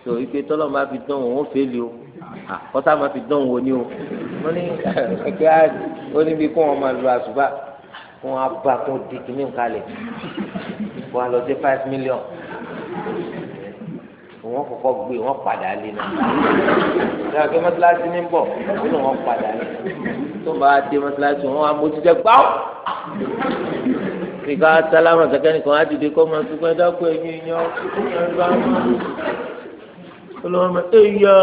so ìpè tọ́lọ́run bá fi dán wò wọ́n fẹ́ lè o kọ́sá máa fi dán wo ni o wọ́n ní ẹgbẹ́ àdì ó níbi kó wọn máa lu àṣùbà kó wọn bá kó di kìíní kalẹ̀ kó wọn lọ sí five million wọn kọ́kọ́ gbé wọn padà lé náà ṣé àgbẹ̀ mọ́tíláṣí ní bọ̀ nínú wọn padà lé tó bá dé mọ́tíláṣí wọn wá mójú jẹ gbáwó nìkan sálámà kẹ́kẹ́ nìkan á dìde kọ́ máa sùn pé dákú ẹ̀yìn yan ó máa ń bá wọn olùwọ́n mọ̀ ẹ yọ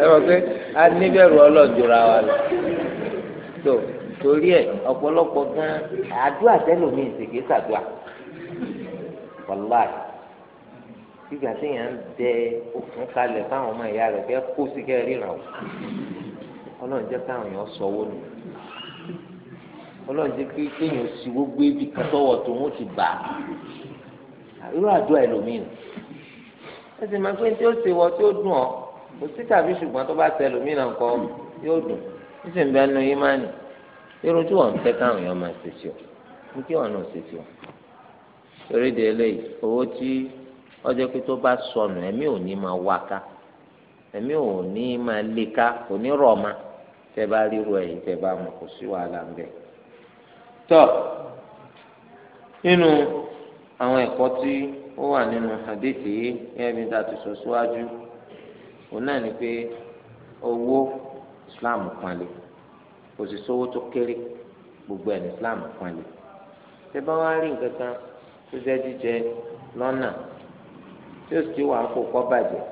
ẹ mọ̀ pé a níbẹ̀rù ọlọ́jọ́ra wa lọ tó torí ẹ ọ̀pọ̀lọpọ̀ gan àdúrà tẹ́lómi ìsèké sàdúrà wàláì gbígbà téèyàn ń dẹ òfin kalẹ̀ fáwọn ọmọ ìyá rẹ̀ fẹ́ kó sí kẹ́ ríran o ọlọ́run jẹ́ káwọn èèyàn sọ owó nù ọlọ́run jẹ́ kí kéèyàn sì gbogbo ibi kan tọwọ́ tó wọ́n ti bà á irú àdúrà ẹlòmíì nù ẹ sì máa pé tí o ṣe wọ tí ó dùn ọ kò sí tàbí ṣùgbọ́n tó bá ṣe ẹlòmíràn nǹkọ yóò dùn ó sì ń bẹ nu ìmánì irun tí wọn fẹ́ káwọn èèyàn máa ṣe sí ọ mú kí wọn náà ṣe sí ọ torí de eléyìí owó tí ọjọ́ pé tó bá sọnù ẹ̀mí ò ní máa wá ká ẹ̀mí ò ní máa lé ká kò ní rọ̀ ma tẹ́ bá ríru ẹ̀yìn tẹ́ bá mọ̀ kò sí wàhálà ń bẹ. tọ́ nínú àwọn ẹ̀kọ́ tí. ó wà nínú hadithi yìí gẹ́gẹ́ bí ta ti sọ síwájú ni pé owó islam kwale, kò sì sówó tó gbogbo ẹ̀ islam panlé tẹ bá wá rí nǹkan kan tó jẹ́ jíjẹ lọ́nà tí ó sì wà kó kọ́ bàjẹ́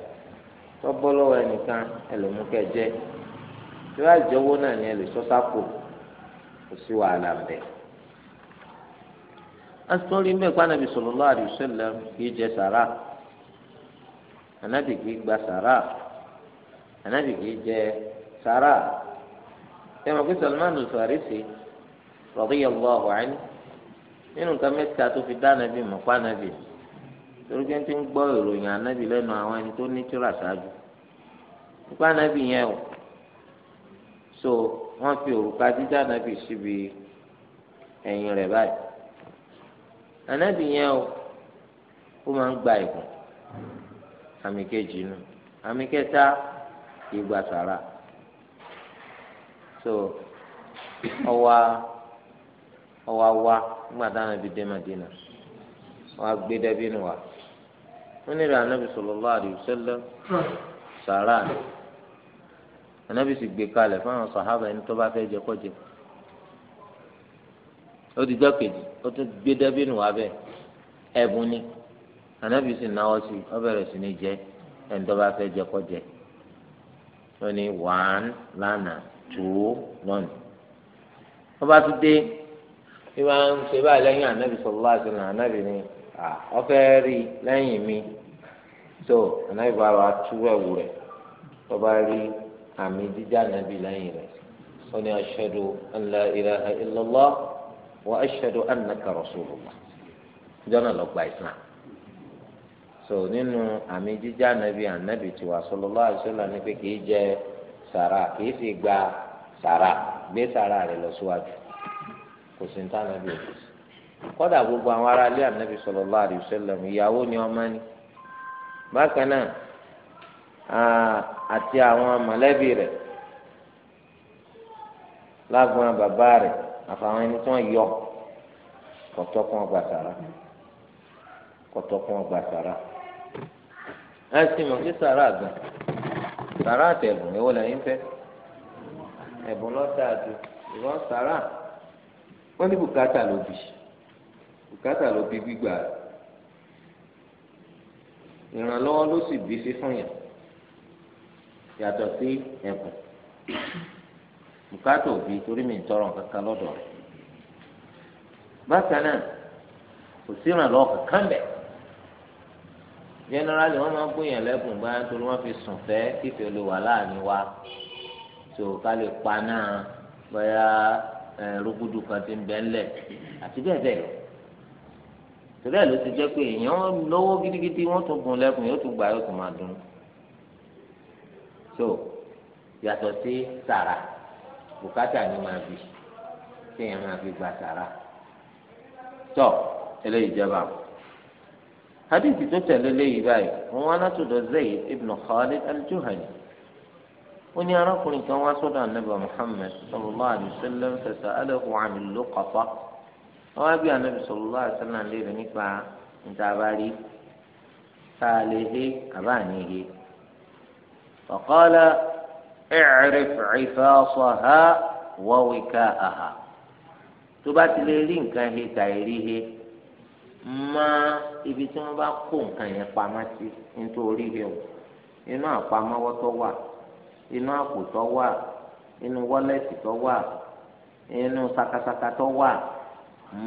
tó bọ́ lọ́wọ́ ẹnìkan tí wàá náà ni ẹ lè sọ sápò kò asọ́rí ń bẹ̀ pa anabi sallallahu alaihi wasallam kìí jẹ sàrà anabi kìí gba sàrà anabi kìí jẹ sàrà ẹ mọ̀ pé Salman al-Farisi radiyallahu anhu nínú nǹkan mẹ́ta tó fi dá anabi mọ̀ pa anabi torí pé ń gbọ́ ìròyìn anabi lẹ́nu àwọn ẹni tó ní tíra ṣáájú nípa anabi yẹn o so wọ́n fi òrùka dídá anabi síbi ẹ̀yìn rẹ̀ báyìí. ànábì yẹn o ó máa ń gba ìbùn àmì kejì nu àmì kẹta ìgbà sàrà so ọwa ọwa wa nígbà táwọn ẹbí dé Madina wọn gbé dẹbí nu wa wọn ní ìrìn ànábì sallallahu alaihi wasallam sàrà sì gbé fún àwọn sàhábà ẹni tó bá jẹ ó ti jọ́ kejì ó tún gbé dẹ́bìnú wá bẹ́ẹ̀ ẹ̀bùn ni ànábì sì náwó sí i ó bẹ̀rẹ̀ sí ní jẹ ẹni tó bá fẹ́ jẹ kó jẹ ó ní one lánàá two lọ́nà ó bá tún dé bí wọ́n ń ṣe báyìí lẹ́yìn ànábì sallallahu alaihi wasallam ànábì ni ó fẹ́ rí lẹ́yìn mi tó ànábì bá wa tú ẹ̀wù rẹ̀ tó bá rí àmì jíjà ànábì lẹ́yìn rẹ̀ ó ní ashhadu an la ilaha illallah wa ashhadu annaka rasulullah jọ́nà lọ gba islam so nínú àmì jíjá nàbí ànábì tiwa sallallahu alaihi wasallam ní pé kì í jẹ sàrà kì í sì gba sàrà gbé sàrà rẹ lọ síwájú kò sí ní tànàbí òkè sí kódà gbogbo àwọn ará ilé ànábì sallallahu alaihi wasallam ìyàwó ni ọmọ ni bákan náà àti àwọn mọ̀lẹ́bí rẹ̀ lágbọn bàbá rẹ̀ àfàwọn ẹni tí wọ́n yọ kọ̀tọ́ kún ọgbà sàrà kọ̀tọ́ kún ọgbà sàrà ẹ sì mọ̀ kí sàrà gan sàrà àtẹ̀bùn èwo lẹ́yìn fẹ́ ẹ̀bùn lọ́tà àti ìwọ sàrà wọ́n ní bùkátà ló bì bùkátà ló bí gbígbà ìrànlọ́wọ́ ló sì bí sí fún yàn yàtọ̀ sí ẹ̀bùn bùkátà òbí torí mi ń tọrọ nǹkan kan lọ́dọ̀ rẹ̀ bákan náà kò sí ìrànlọ́wọ́ kankan bẹ̀ generally wọ́n máa ń gbóyàn lẹ́bùn báyà torí wọ́n fi sùn fẹ́ kífẹ́ olè wà láàrin wa tó ká lè pa náà báyà rúgúdù kan ti ń bẹ́ ńlẹ̀ àti bẹ́ẹ̀ bẹ́ẹ̀ lọ torí ẹ̀ ló ti jẹ́ pé èèyàn lówó gidigidi wọ́n tún gun lẹ́kùn yóò tún gbà yóò tún máa dùn so yàtọ̀ sí sàrà bùkátà ni máa bì kéèyàn máa fi gbà sàrà tọ eléyìí jẹba hadithi tó tẹ̀lé léyìí báyìí wọn wá látọ̀dọ̀ Zayd ibn Khalid al-Juhani ó ní arákùnrin kan wá sọ́dọ̀ anabi Muhammad sallallahu alayhi wa sallam fasa'alahu 'ani al-luqata wọn wá bí anabi sallallahu alayhi wa sallam léèrè nípa ntaabari tá he àbá àníhe. فقال اعرف عفاصها ووكاءها tó aha: ti lè rí nǹkan he tàìrí he mọ ibi ti wọn bá kó nǹkan yẹn pamọ́ sí he o inú àpamọ́wọ́ tó wà inú àpò tó wà inú wọ́lẹ́tì tó wà sakasaka to wa,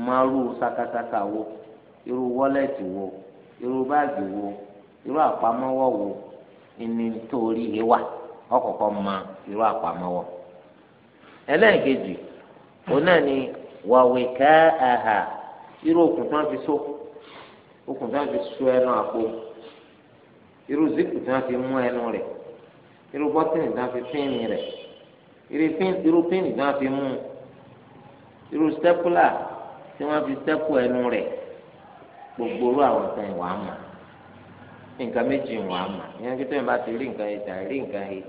mọ́rú sakasaka wo iru wọ́lẹ́tì wo iru wo iru wo he ọkọ̀ọ̀kọ̀ ma irú àpamọ́wọ́ ẹlẹ́ẹ̀kejì òun náà ni wàwé ká àhà irú okùn tí wọ́n fi so okùn tí wọ́n fi so ẹnu àpò irú zipu tí wọ́n fi mú ẹnu rẹ̀ irú bọ́tìnì tí wọ́n fi pín rẹ̀ irú pín tí wọ́n fi mú irú stẹ́pùlà tí wọ́n fi stẹ́pù ẹnu rẹ̀ gbogbo orú àwọn ọ̀sán ìwà àmà nǹkan méjì ìwà àmà ìyẹn kí tóyìn bá ti rí nǹkan yìí tà rí nǹkan yìí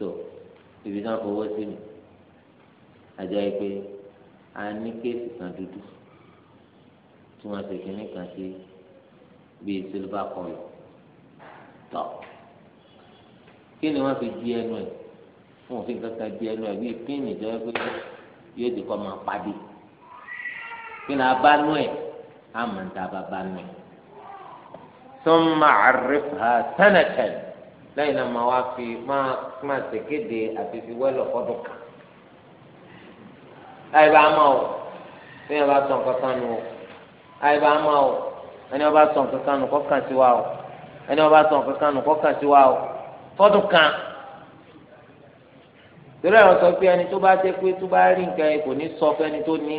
so ibi tí wọ́n fọwọ́ sí mi àjọ yìí pé a ní kéèsì kan dúdú tí wọ́n ṣe kínní kan sí bíi silver coil tọ́ kí ni wọ́n fi di ẹnu ẹ̀ fún òfin kankan di ẹnu ẹ̀ bíi píìnì jọ pé yóò di kọ́ máa pàdé kí ni a bá nú ẹ̀ a mọ̀ ní bá bá nú ẹ̀. ثم عرفها سنة lẹ́yìn náà máa wá fi máa máa ṣèkéde àti fi wẹ́lọ̀ fọ́dún kan láì bá a máa o bí wọn bá sọ nǹkan kan nù o láì bá a máa o ẹni wọn bá sọ nǹkan kan nù kọ́kàn sí wa o ẹni wọn sọ nǹkan kan nù kọ́kàn sí wa o fọ́dún kan torí àwọn sọ pé ẹni tó bá jẹ́ pé tó bá rí nǹkan kò ní sọ fẹ́ni tó ní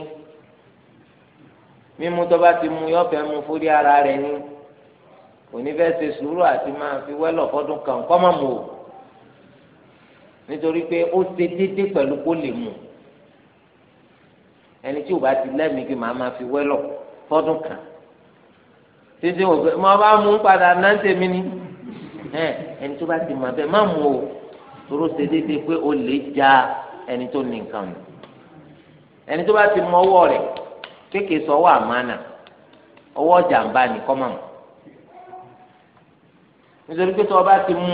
mímú tó bá ti mú yọ fẹ́ mú fúrí ara rẹ̀ ní òní fẹ́ ṣe sùúrù àti máa fi wẹ́lọ̀ fọ́dún kan kọ́ máa mú o nítorí pé ó ṣe déédéé pẹ̀lú kó lè mú ẹni tí ò bá ti lẹ́mìí kí màá máa fi wẹ́lọ̀ fọ́dún kan títí òfé mo bá mú padà náà tèmi ni ẹni tó bá ti mọ̀ bẹ́ẹ̀ má mú o toró ṣe déédéé pé ó lè ja ẹni tó ní nǹkan nù ẹni tó bá ti mọ ọwọ́ rẹ̀ kéèké sọ ọwọ́ àmánà ọwọ́ jàǹbá ni kọ́ máa mú nítorí pé tí wọ́n bá ti mú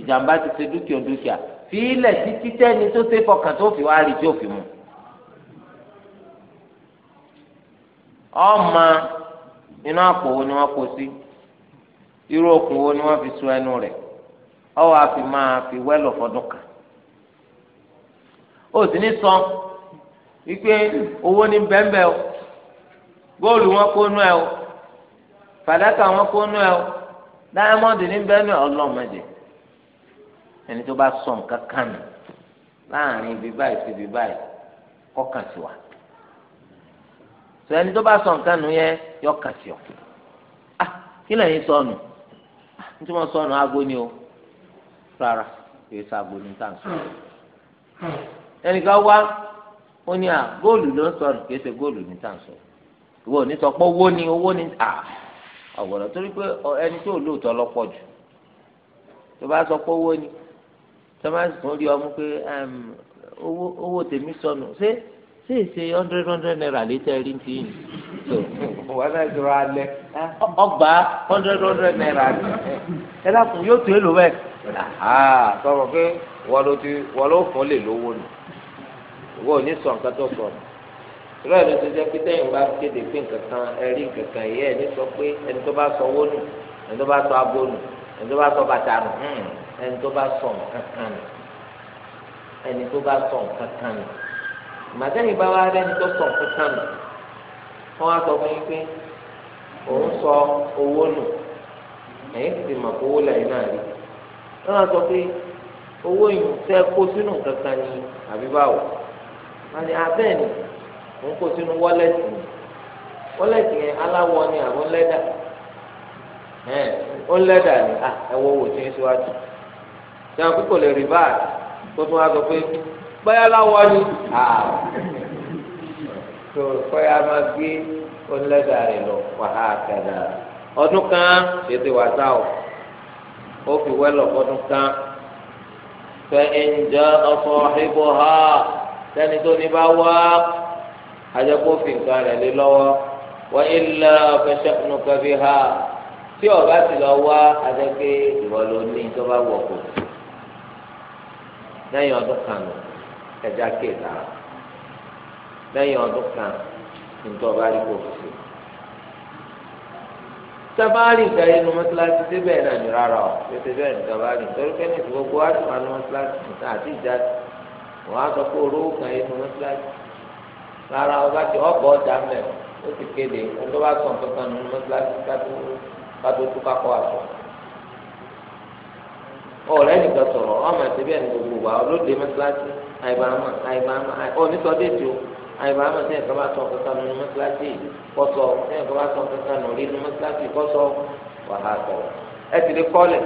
ìjàmbá ti ṣe dúkìá dúkìá fílẹ̀ títí tẹ́ni tó ṣe fọkàn tó fi wá rí tí ò fi mú. ọmọ inú àpò wo ni wọ́n kó sí irú okùn wo ni wọ́n fi so ẹnu rẹ̀ ọwọ́ àfi máa fi wẹ́lọ̀ fọdún kan. ó sì ní sọ wípé owó ní bẹ́ńbẹ́ o góòlù wọn kó nú ẹ o fàdákà wọn kó nú ẹ o. diamond ní bẹ́ẹ̀ ní ọlọ́mọdé ẹni tó bá sọ nǹkan láàrin ibi báyìí sí ibi báyìí sí wa sọ ọ ah kí lẹ́yìn sọnù ah, nítorí wọn sọnù aago o rárá èyí sago ní tàn sọ ẹnìkan wá ó ní à góòlù ló ń góòlù ní sọ ìwọ ní Ah ọ̀gbọ̀dọ̀ torí pé ẹni tí ò lóòótọ́ lọ́pọ̀ jù tó bá sọ pé owó ni tó bá sì tún rí ọmú pé owó tèmi sọnù ṣé ṣé èsè hundred hundred naira létí ẹrí ti yìí so wọn náà ti rọ alẹ ọgbà hundred hundred naira ẹ dákun yóò tó èlò bẹ́ẹ̀ sọ̀rọ̀ pé wọ́n ló fún lè lówó nù wọ́n ò ní sọ nǹkan tó sọ̀rọ̀ ìrọ̀ ló ti jẹ́ pé tẹ́yìn bá kéde pé nǹkan kan ẹ̀rí nǹkan kan yìí ẹ̀ ní sọ pé ẹni tó bá sọ owó nù ẹni tó bá sọ abo nù ẹni tó bá sọ bàtà nù hmm, ẹni tó bá sọ nǹkan kan nù ẹni tó bá sọ nǹkan kan nù màtẹ́yìn bá wá rẹ́ni tó sọ nǹkan kan nù wọ́n á sọ fún yín pé òun sọ owó nù ẹ̀yìn ti mọ̀ kó owó lẹ́yìn náà rí wọ́n á sọ pé owó yìí tẹ́ kó sínú nǹkan ni àbí báwo wọ́n ní abẹ́ẹ̀ ah, ń kó sínú wọ́lẹ́tì mi wọ́lẹ́tì yẹn aláwọ̀ ni àbọ̀ lẹ́dà ẹ̀ ó lẹ́dà ni à ẹ̀wọ̀ wò sí síwájú ṣé àwọn kókò lè rí báàgì tó tún wá sọ pé báyà láwọ̀ ni à tó kọ́yà máa gbé ó lẹ́dà rẹ̀ lọ wàhálà kẹ̀dà ọdún kan ṣètò wàtá o ó fi wẹ́lọ̀ fọdún kan fẹ́ ẹ̀ ń jẹ́ ọ̀sán ọ̀hìnbó ha sẹ́ni tó ní bá wá àjẹkófin nǹkan rẹ̀ lé lọ́wọ́ wọ́n ilẹ̀ ọ̀fẹ́sẹ̀kùnú kẹfì ha tí ọba ti lọ wá adẹ́gbé ìwọ ló ní tó bá wọ̀ kó lẹ́yìn ọdún kan nù ẹja kéèta lẹ́yìn ọdún kan nítorí ọba rí kó fi ṣe sábàárì ìgbà yẹn nu mọ́tíláṣí débẹ̀ náà ní rárá o tètè bẹ́ẹ̀ ní sábàárì nítorí pé ìfowópamọ́ àti ìfowópamọ́ àti ìjà wọn á sọ pé olówó kan yẹn nu lára ọba tí ọ̀bọ̀ ọjà mẹ́ ó ti kéde ọjọ́ bá sàn kankan nínú mọ́tíláṣí kátó tó kakọ́ àtọ̀. ọ̀rẹ́ nìkan sọ̀rọ̀ ọmọ ẹ̀sẹ̀ bẹ́ẹ̀ ni gbogbo wa olóde mọ́tíláṣí àìbámà àìbámà ọ̀ nítọ́dẹ́tì o àìbámà sẹ́yìn kan bá sàn kankan nínú mọ́tíláṣí bá kankan nínú mọ́tíláṣí wàhálà ẹ ti lè kọ́lẹ̀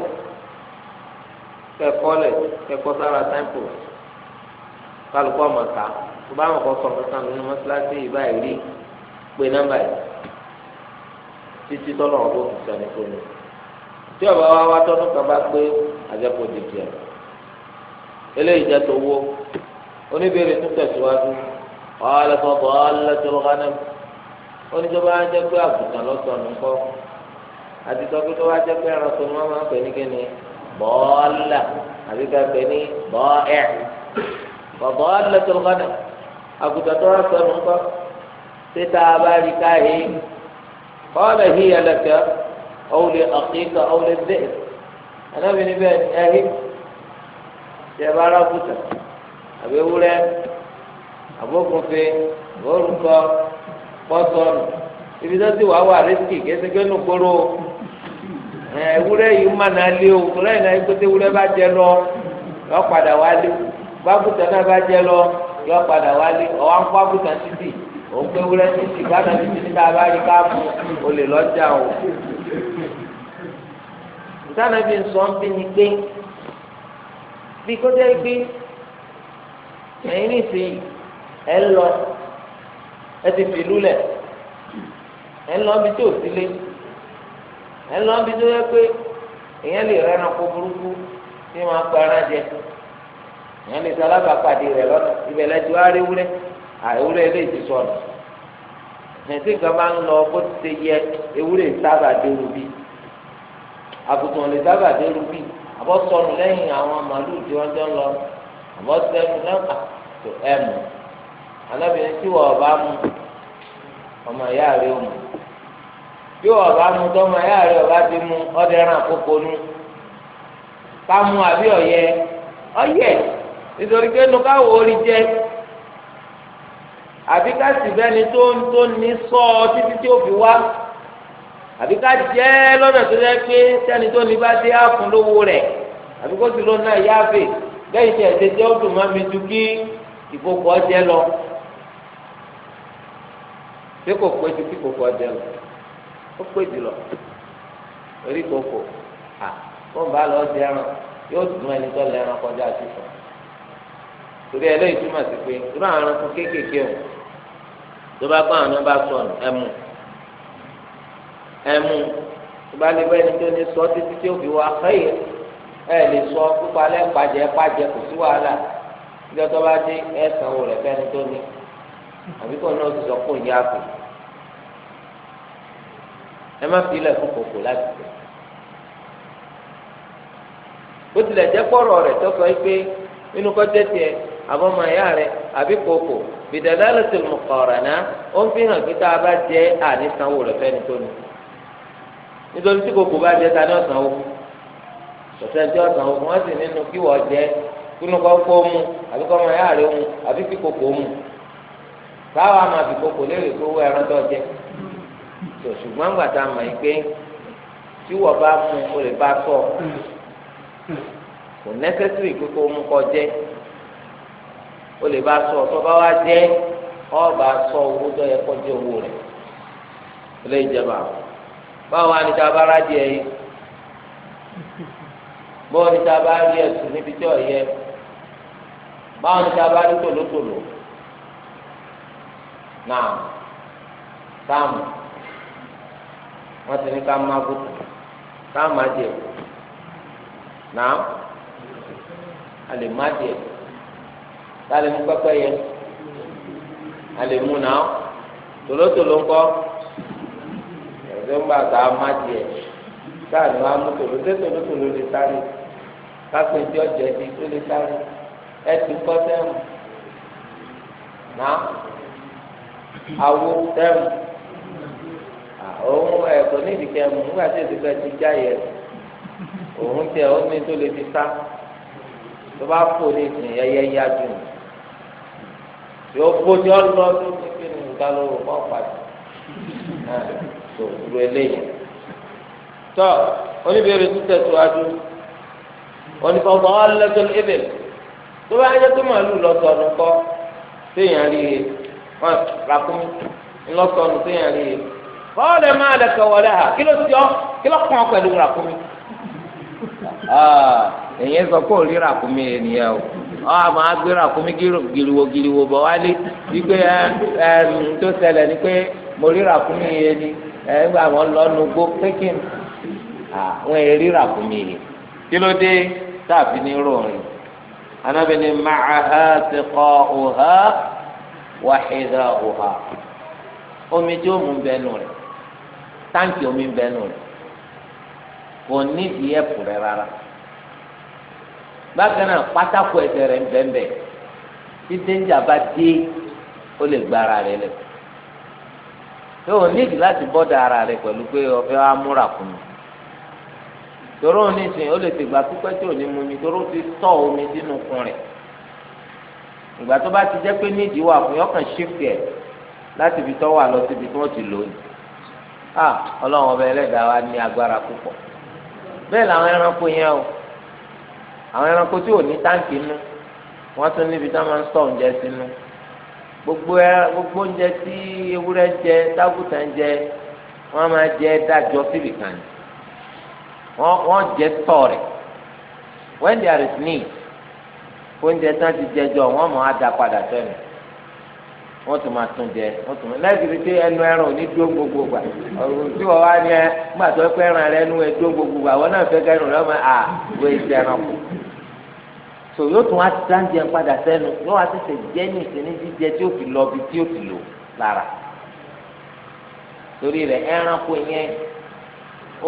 tó bá wọn kọ sọ kankan nínú mọ́sálásí yìí báyìí rí pé nọ́mbà yìí títí tọ́lọ̀ wọn kò fi sani fún mi tí ọba wa wá tọ́nu kan bá pé àjẹpọ̀ dìbì ẹ̀ eléyìí jẹ́ tó wó oníbèrè tún tẹ̀síwájú ọ̀hálẹ́fọ́ bọ̀ ọ̀hálẹ́fọ́ gánàmù oníjọba á jẹ́ pé àgùntàn lọ́sọ̀ nìkọ́ àti tọ́kí tó wá jẹ́ pé ẹranko ni wọ́n máa ń pè ní kíni bọ́ọ̀là àbí ká pè ní bọ́ọ̀ ẹ̀ bọ́ọ̀là àgùtà tó rà sọnù ńkọ títa abáyé káyé kọ́ọ̀lẹ̀ hí ẹlẹ́kẹ́ ọ̀wùlẹ̀ àkíkà ọ̀wùlẹ̀ dé anábì níbẹ̀ ẹ̀hí tẹ̀ bá rà àgùtà àbí ewúrẹ́ àbókùnfẹ́ bọ́ọ̀lùkọ́ pọ́sọ̀nù ibi tó ti wà wà rẹ́sìkì kẹsẹ̀kẹ́ nù kóró ewúrẹ́ yìí má nà lé o lẹ́yìn náà ekpété bá jẹ lọ lọ́ọ́ padà wá lé o bá náà bá jẹ lọ yọ padà wálé ọwọ́ ń kó àbúta títì òun pé wúrẹ́ títì gbádùn títì níta bá rí káàpù olè lọ́jà o. ìtànàbí ń sọ ń bí ni pé bí kó jẹ́ pé ẹ̀yin nìsín ẹ̀ ń lọ ẹ ti fìlú lẹ̀ ẹ̀ ń lọ bí tó sílé ẹ̀ lọ bí tó yẹ pé èèyàn lè rẹ́ran kó burúkú tí máa pa ara jẹ. ìyẹn lè sọ alábàápàdé rẹ lọ́nà ibẹ̀ lẹ́jọ́ aréwúrẹ́ àìwúrẹ́ ilé ti sọnù ẹ̀sìn nǹkan máa ń lọ bó ti yẹ ewúrẹ́ sábà lè sábà sọnù àwọn tí jọ ń lọ tó alábìnrin tí bá mu ọmọ bí bá mu ọba ti mu ọdẹ nu nítorí pé nu káwọ orí jẹ àbí ká sì bẹ́ni tó ń tó ní sọ ọ títí tí ó fi wá àbí ká jẹ́ lọ́dọ̀ tó yẹ pé sẹ́ni tó ní bá dé àfún lówó rẹ̀ àbí kó sì lóun náà yáàfẹ́ lẹ́yìn tí ẹ̀sẹ̀ jẹ́ ó dùn mọ́ mi ju kí ìkókò ọjẹ́ lọ ṣé kò pé ju kí ìkókò ọjẹ́ lọ ó pé jù lọ orí kòkò à wọ́n bá lọ yóò dùn ẹni tó lẹ́ran kọjá sí fún un torí ẹlẹ́yìí túmọ̀ sí pé irú àwọn ẹranko kéékèèké o tó bá gbọ́ àwọn bá sọ ẹmu ẹmu tó bá lè bá ẹni tó ní sọ títí tí ó fi wá ẹyẹ ẹ lè sọ pípa lẹ́pàjẹ́ pàjẹ́ kò sí wàhálà ìjọ tó bá dé ẹ sanwó rẹ̀ fẹ́ni tó ní àbí kò náà ti sọ kó ń yá kù ẹ má fi ilẹ̀ fún kòkò láti tẹ̀ bó tilẹ̀ jẹ́ pọ̀rọ̀ rẹ̀ tó sọ pé nínú kọ́jẹ́ tiẹ̀. àbọ̀mọ̀ ẹ̀yà rẹ̀ àbí kòkò bidalalatil muqarana ó ń fi hàn pé tá a bá jẹ́ ànísanwó rẹ̀ fẹ́ni tó ni nítorí tí kòkò bá jẹ́ ta ní ọ̀sánwó ọ̀sẹ̀ tí ọ̀sánwó wọ́n sì nínú kí wọ́n jẹ́ kínú kọ́ kó mu àbí kọ́ rẹ̀ mu àbí kòkò mu máa fi kòkò léèrè ẹran tó jẹ ṣùgbọ́n o lè bá kò nẹ́sẹ̀sìrì kó mú o lè ba sọ tó bá wá jẹ́ ọba sọ owó tó yẹ dị owó rẹ ilé ìjẹba báwo wá ní sábà rájì ẹ yìí báwo ní sábà rí ẹ̀sùn níbi tí ò yẹ báwo ní sábà rí tòlótòló náà táàmù ti ní tálẹ̀ mú pẹ́pẹ́ yẹ alẹ́ mú nà ó tòlótòló ńkọ́ ẹ̀sẹ̀ ń bà tá a má tiẹ̀ táàlù wa mú tòló tẹ́ tòlótòló lè sáré kápẹ́ tí ọjà ẹbí tó lè sáré ẹtù kọ́ sẹ́mu nà awo sẹ́mu òun ẹ̀kọ́ nídìí kẹ́mu nígbà tí èdè bẹ́ẹ̀ ti já yẹ òun tẹ òun ní tó lè fi sá tó bá fò ní ìsìn yẹyẹ yá jù yóò gbójú ọlọ tó ti fi nǹkan ló rò ah, kọ́ pàdé tó ru eléyìí tọ oníbèrè tó tẹ̀síwájú onífọ̀gbọ̀ ọlọ́dún ibè tó bá yẹ kó màálù lọ́sọ̀nù kọ́ téèyàn rí i wọn ràkúnmí ńlọ́sọ̀nù téèyàn rí i fọ́ọ̀lẹ̀ máa lẹ̀kọ̀ wọlé ha kí ló ti ọ́ kí ló kàn ọ́ pẹ̀lú ràkúnmí ah, èyí sọ kó rí ràkúnmí ènìyàn o. ọ ah, àmọ́ agbèrò àkúmí giriwo giriwo bọ̀ wálé wípé ẹ ẹ tó ni pé mo ríra àkúmí yẹn ni ẹ gbà lọ nu gbó pékin àwọn ríra àkúmí yẹn kí ló dé tàbí ní rọrin anábìíní ha ti kọ òhà wàhídà òhà omi tí ó mú rẹ omi rẹ kò bákan náà pátákó ẹsẹ̀ rẹ̀ ń bẹ́ẹ̀nbẹ́ẹ̀ tí dénjà bá dé ó lè gba ara o nídìí láti bọ́dà ara rẹ̀ pẹ̀lú pé ọ̀fẹ́ wa múra kùn mí o le ó lè tìgbà pípẹ́ tí ò ní mu mi ti tọ́ omi sínú kun rẹ̀ ìgbà tó bá ti jẹ́ pé nídìí wà fún yọkàn ṣífì ẹ̀ láti ibi tó wà síbi tí wọ́n ti lò ní ah, ọlọ́run ẹlẹ́dàá wa ní agbára púpọ̀ bẹ́ẹ̀ làwọn ẹranko yẹn o. àwọn ẹranko tí ò ní táǹkì nú wọ́n tún níbi tí wọ́n máa ń sọ oúnjẹ sínú gbogbo gbogbo oúnjẹ tí ewúrẹ́ jẹ tábùtà ń jẹ wọ́n máa jẹ dájọ síbi kan wọ́n jẹ tọ rẹ when there is need oúnjẹ tán ti jẹjọ wọ́n máa dá padà sẹ́nu. wọ́n tún máa tún jẹ tún máa ẹnu ẹran ò ní dúró gbogbo gbà ọ̀rọ̀ tí wọ́n wá ní ẹ tó ẹran rẹ ẹnu ẹ dúró gbogbo gbà náà fẹ́ sọ yóò tún wá dáńjẹ padà sẹ́nu yóò wá tẹ̀sẹ̀ jẹ́ ní ìsinmi jíjẹ tí ó fi lọ bí tí ó fi lò lára. torí rẹ yẹn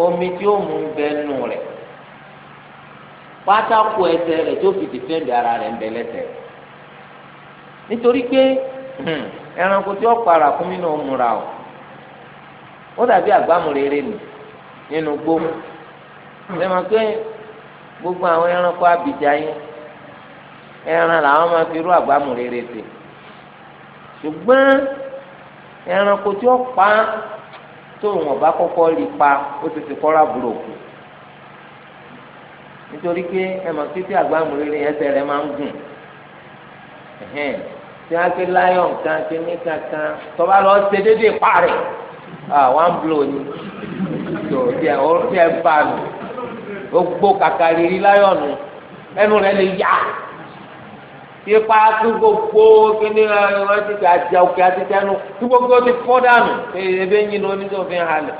omi tí ó mú bẹ Hmm. ẹranko tí ó para fún mi náà múra o ó dàbí àgbámúrere nì nínú gbó gbogbo àwọn ẹranko yín ẹran làwọn máa fi rú àgbámúrere sí ẹranko tí pa rí pa ó ti ti kọ́ra nítorí pé ẹ àgbámúrere máa tí a ké láyọ̀n kan ké ní kankan tọ́ba lọ ṣe déédéé parí one blow ni tó tí ẹ tí ẹ bá mi gbogbo kàkà rírí láyọ̀nù ẹnu rẹ lè yá ipa tí gbogbo kíní ẹ ti ti àjà òkè àti tẹnu tí gbogbo ti fọ́ dànù ebe ń yin ní oníṣòfin halẹ̀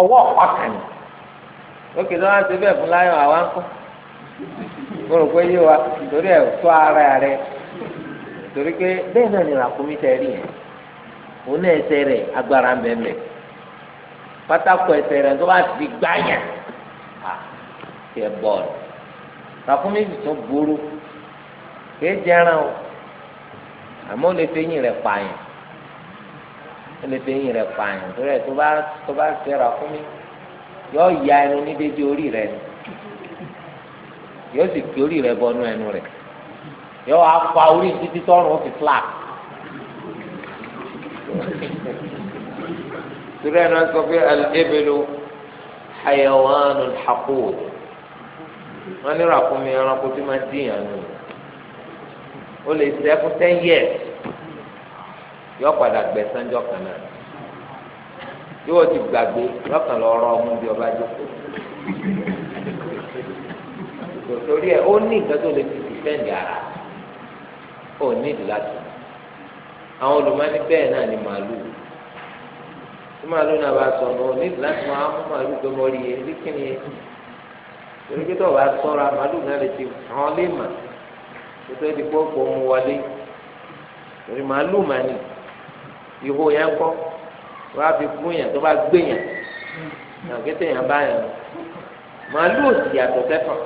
ọwọ́ ọ̀pákan lókè tó wá ń ṣe bẹ́ẹ̀ fún láyọ̀n àwa ń kọ́ mo rò pé yé wa torí ẹ̀ tó ara rẹ̀ torí pé bẹ́ẹ̀ náà ni ràkúnmí tẹ rí yẹn òun náà ẹsẹ̀ rẹ̀ agbára ń bẹ mẹ́ pátákó ẹsẹ̀ rẹ̀ tó bá ti gbá yẹn à tiẹ̀ bọ́ọ̀lù ràkúnmí sì tún burú kéé jẹran o àmọ́ ó lè fi eyín rẹ̀ pààyàn ó lè fi eyín rẹ̀ pààyàn torí ẹ̀ tó bá tó bá ṣe ràkúnmí yóò ya ẹnu ní dédé orí rẹ̀ yóò sì kí orí rẹ̀ bọnú ẹnu rẹ̀ yọ wá pa orí títí tọrùn ó fi flak. sùrẹ́ náà sọ pé al-ibilu hayawanul haqud wọ́n ní ràkúnmí ẹranko tí máa dìyàn nù ó lè ṣe fún ten years yọ padà gbẹ̀sánjọ́ kan náà tí wọ́n ti gbàgbé lọ́kàn lọ́rọ́ ọmú bí ọba jókòó torí ẹ̀ ó ní nǹkan tó lè fi dìfẹ́ǹdì ara ó nídìí láti àwọn olùmọ́ni bẹ́ẹ̀ náà ni màálù tí màálù náà bá sọ ọ́ nídìí láti máa mú màálù tó mọ́ rí yẹn e. ní kíni yẹn torí pé tó o bá sọ́ra màálù náà lè ti hàn lé mà tó tó di pọ́pọ́ mu wọlé torí màálù mà ní ihò yẹn kọ́ wọ́n á fi gún yẹn tó bá gbé yẹn náà kété yẹn bá yẹn màálù ò sì yàtọ̀ sẹ́fọ̀n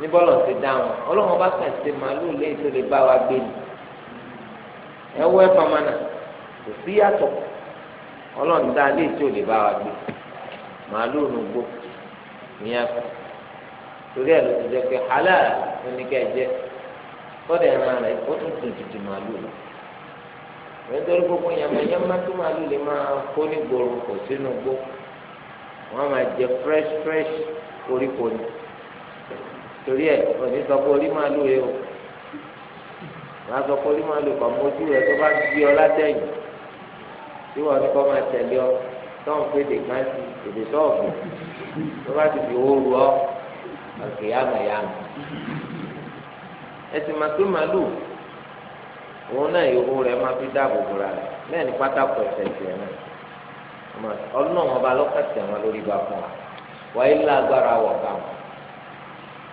ní bọ́lọ̀ ti dá wọn ọlọ́run bá kàn ṣe màálù lé tó lè bá wa gbé ni ẹ wọ ẹ pamana kò sí yàtọ̀ ọlọ́run dá lé tó lè bá wa gbé màálù nù gbó ní ẹ̀fọ́ torí ẹ̀ ló ti jẹ́ pé halal oníkẹ́jẹ́ kọ́dà ẹran rẹ̀ ó tún tún tutù màálù lọ nítorí gbogbo yàmàyàmà tó màálù lè máa kó ní gbòòrò kò sínú gbó wọ́n máa jẹ fresh fresh koríko ni torí ẹ òní sọ pé orí máa lò yẹ o máa sọ pé orí máa lò kàn mójú rẹ tó bá gbé ọ látẹ̀yìn tí wọn ní kọ máa tẹ̀lé ọ tọ́hún pé èdè kan ti èdè sọ́ọ̀bù tó bá ti fi owó ru ọ àti yàmàyàmà ẹsìn máa pé màálù òun náà ìhó rẹ máa fi dáàbò bòra rẹ lẹ́yìn ní pátákó ẹsẹ̀ ìṣẹ̀ náà ọlọ́run ọba lọ́kàtì àwọn lórí bá fún wa wàá ilé agbára wọ̀ káwọn.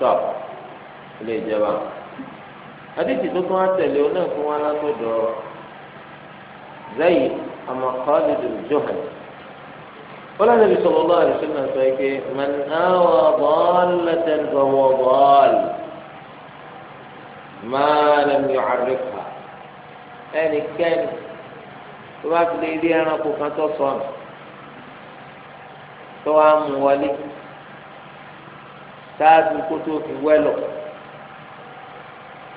tọ ilé ìjọba adéjì tó tún wá tẹ̀lé onáà fún wa látọ̀dọ̀ zayi amakọ́lẹ̀ johan wọ́n níbi sọ̀rọ̀ lọ́wọ́ àdìsọ́ náà sọ pé man awa bọ́ọ̀lù tẹ̀lifọ̀ wọ bọ́ọ̀lù máa lẹ́nu yọ̀ àríkà ẹnikẹ́ni tó bá fi lè rí ẹranko kan tó sọnù tó wá mú wọlé ṣáájú kó tó fi wẹ́lọ̀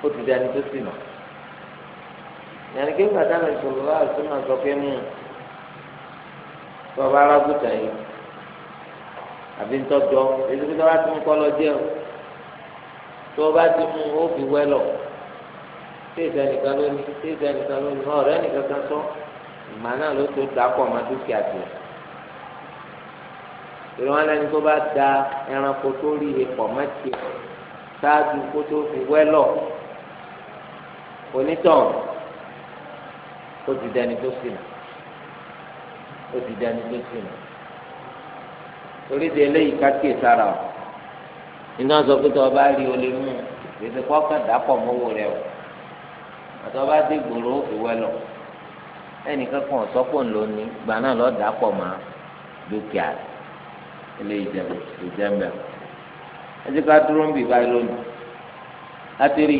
ó ti di ẹni tó sì nà yàrá kí nígbà táwọn ìṣòro láàrín tó máa sọ pé mú hmm, tọba arágùtà yìí àbí ntọ́jọ́ ètò tí wọ́n ti mú kọ́ lọ jẹ́ o tó o bá ti mú o fi wẹ́lọ̀ tí ìfẹ́ nìkan lónìí tí ìfẹ́ nìkan lónìí ọ̀rẹ́ nìkan kan sọ ìmọ̀ náà ló tó dàpọ̀ mọ́ dúkìá tiẹ̀ pé wọn lẹni tó bá da ẹranko tó rí ipò mẹtì ṣáájú kó tó fi wẹlọ onítàn ó ti dẹni tó sì nà ó ti dẹni tó sì nà torí de eléyìí kákìí sára o iná sọ pé tó o bá rí o lè mú ètò kọ́kàn dàpọ̀ mọ́wó rẹ o àti ọba dé gbòòrò ìwẹ lọ ẹnì kankan ọ̀sọ́pọ̀ ńlọ ní gbà náà lọ́ọ́ dàpọ̀ mọ́ dúkìá rẹ ilé ìjẹun ìjẹmẹ ẹ jẹ́ ká dúró ń bì báyìí lónìí látìrí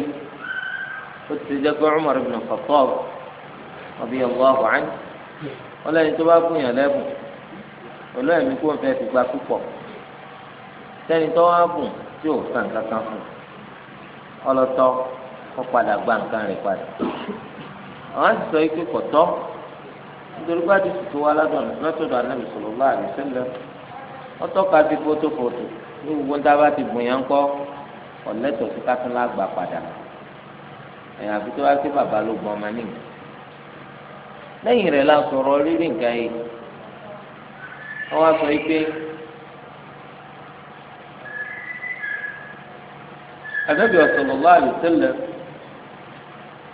ó ti jẹ́ pé Umar ibn Khattab radiyallahu anhu ọlọ́yin tó bá gbìyàn lẹ́bùn olóyèmí kó n fẹ́ fi gba púpọ̀ sẹ́ni tó wá bùn tí ò san kankan fún ọlọ́tọ́ kó padà gba nǹkan rẹ̀ padà àwọn àti sọ ikú kọ̀tọ́ nítorí bá ti tutù wa lọ́dọ̀ lọ́tọ̀dọ̀ Ànábì sallallahu alaihi wasallam ọtọ́ka ti fótófótó ní gbogbo níta bá ti bùnyàn kọ́ ọ̀lẹ́tọ̀ sí kátúnlá gbà padà ẹ̀yìn àfi tó wá sí bàbá ló gbọ́n ọmọ nìyí lẹ́yìn rẹ̀ la sọ̀rọ̀ rírì nǹkan yìí wọ́n wá sọ pé àdàbí sallallahu alaihi wasallam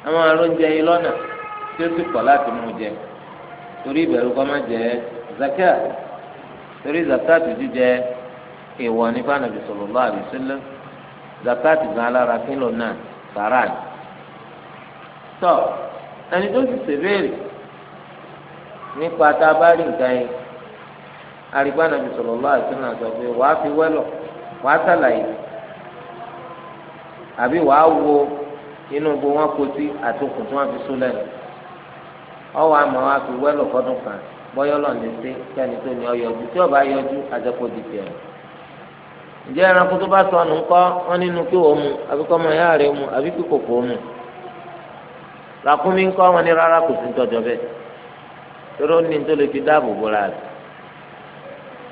àwọn arúnjẹ yìí lọ́nà tí ó sì pọ̀ láti mú jẹ torí ìbẹ̀rù kọ́ má jẹ́ zakat. torí zakati jíjẹ ìwọ ní fanabi sallallahu alaihi wasallam zakati gan alára kílò náà sàrà ni. tọ ẹni tó ti ṣèbéèrè nípa tá a bá rí nǹkan yẹn àrígbá nàbì sallallahu wàá fi wẹ́lọ̀ wàá sàlàyé àbí wàá wo inú gbogbo wọn kò sí fi sún fi fọdún kan. bọ́yọ́ lọ́n lè ṣe kẹ́ni tó ní ọyọ̀jú tí ọba yọjú àjẹpọ̀ dìbò ẹ̀. ǹjẹ́ ẹranko tó bá sọnù ńkọ́ wọ́n nínú kí wọ́n mu àbí kọ́ ọmọ ìyá rẹ̀ mu àbí kí kòkó mu. làkúnmí ńkọ́ wọn ní rárá kò sí tọ́jọ́ bẹ́ẹ̀ tóró ní tó lè fi dáàbò bóra rẹ̀.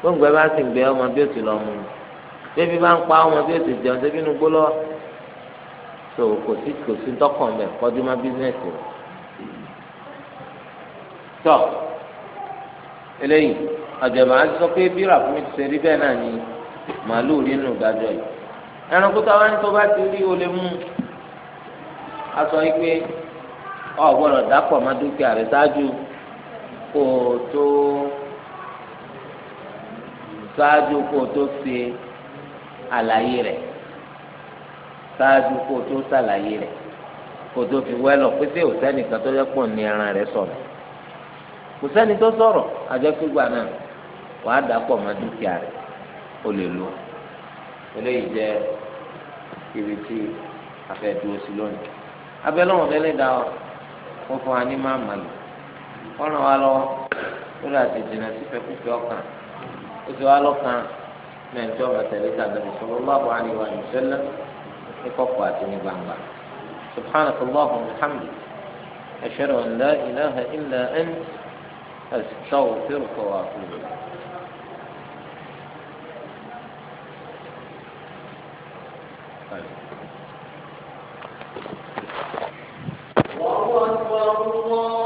gbóngbẹ́ bá sì ń gbé ọmọ bí ó ti lọ mu bébí bá ń pa ọmọ bí ó ti jẹun débi inú gbólọ́ tó kò sí tọ́ eléyìí àjẹmọ àti sọ pé bí ràfúnmi ti ṣe rí bẹ́ẹ̀ náà ni màálùú rí nù yìí ẹranko tó tó bá ti rí o lè mú a sọ yìí pé o gbọ́dọ̀ dápọ̀ mọ́ dúkìá rẹ̀ ṣáájú kó o tó fi kò sẹ́ni tó sọ̀rọ̀ àjẹpégbà náà wàá dà pọ̀ mọ́ dúkìá rẹ̀ ó lè eléyìí jẹ́ ibi tí afẹ́dúró sí lónìí ọ wọ́n wọ́n ràn wá lọ́wọ́ àti sí fẹ́kúfẹ́ ọkàn ó ti wá lọ́kàn náà ní tàbí sallallahu alaihi wa sallam ní àti ní gbangba subhanaka wa bihamdika ashhadu an la as Shaul Tilko afterwards. Allah, Allah,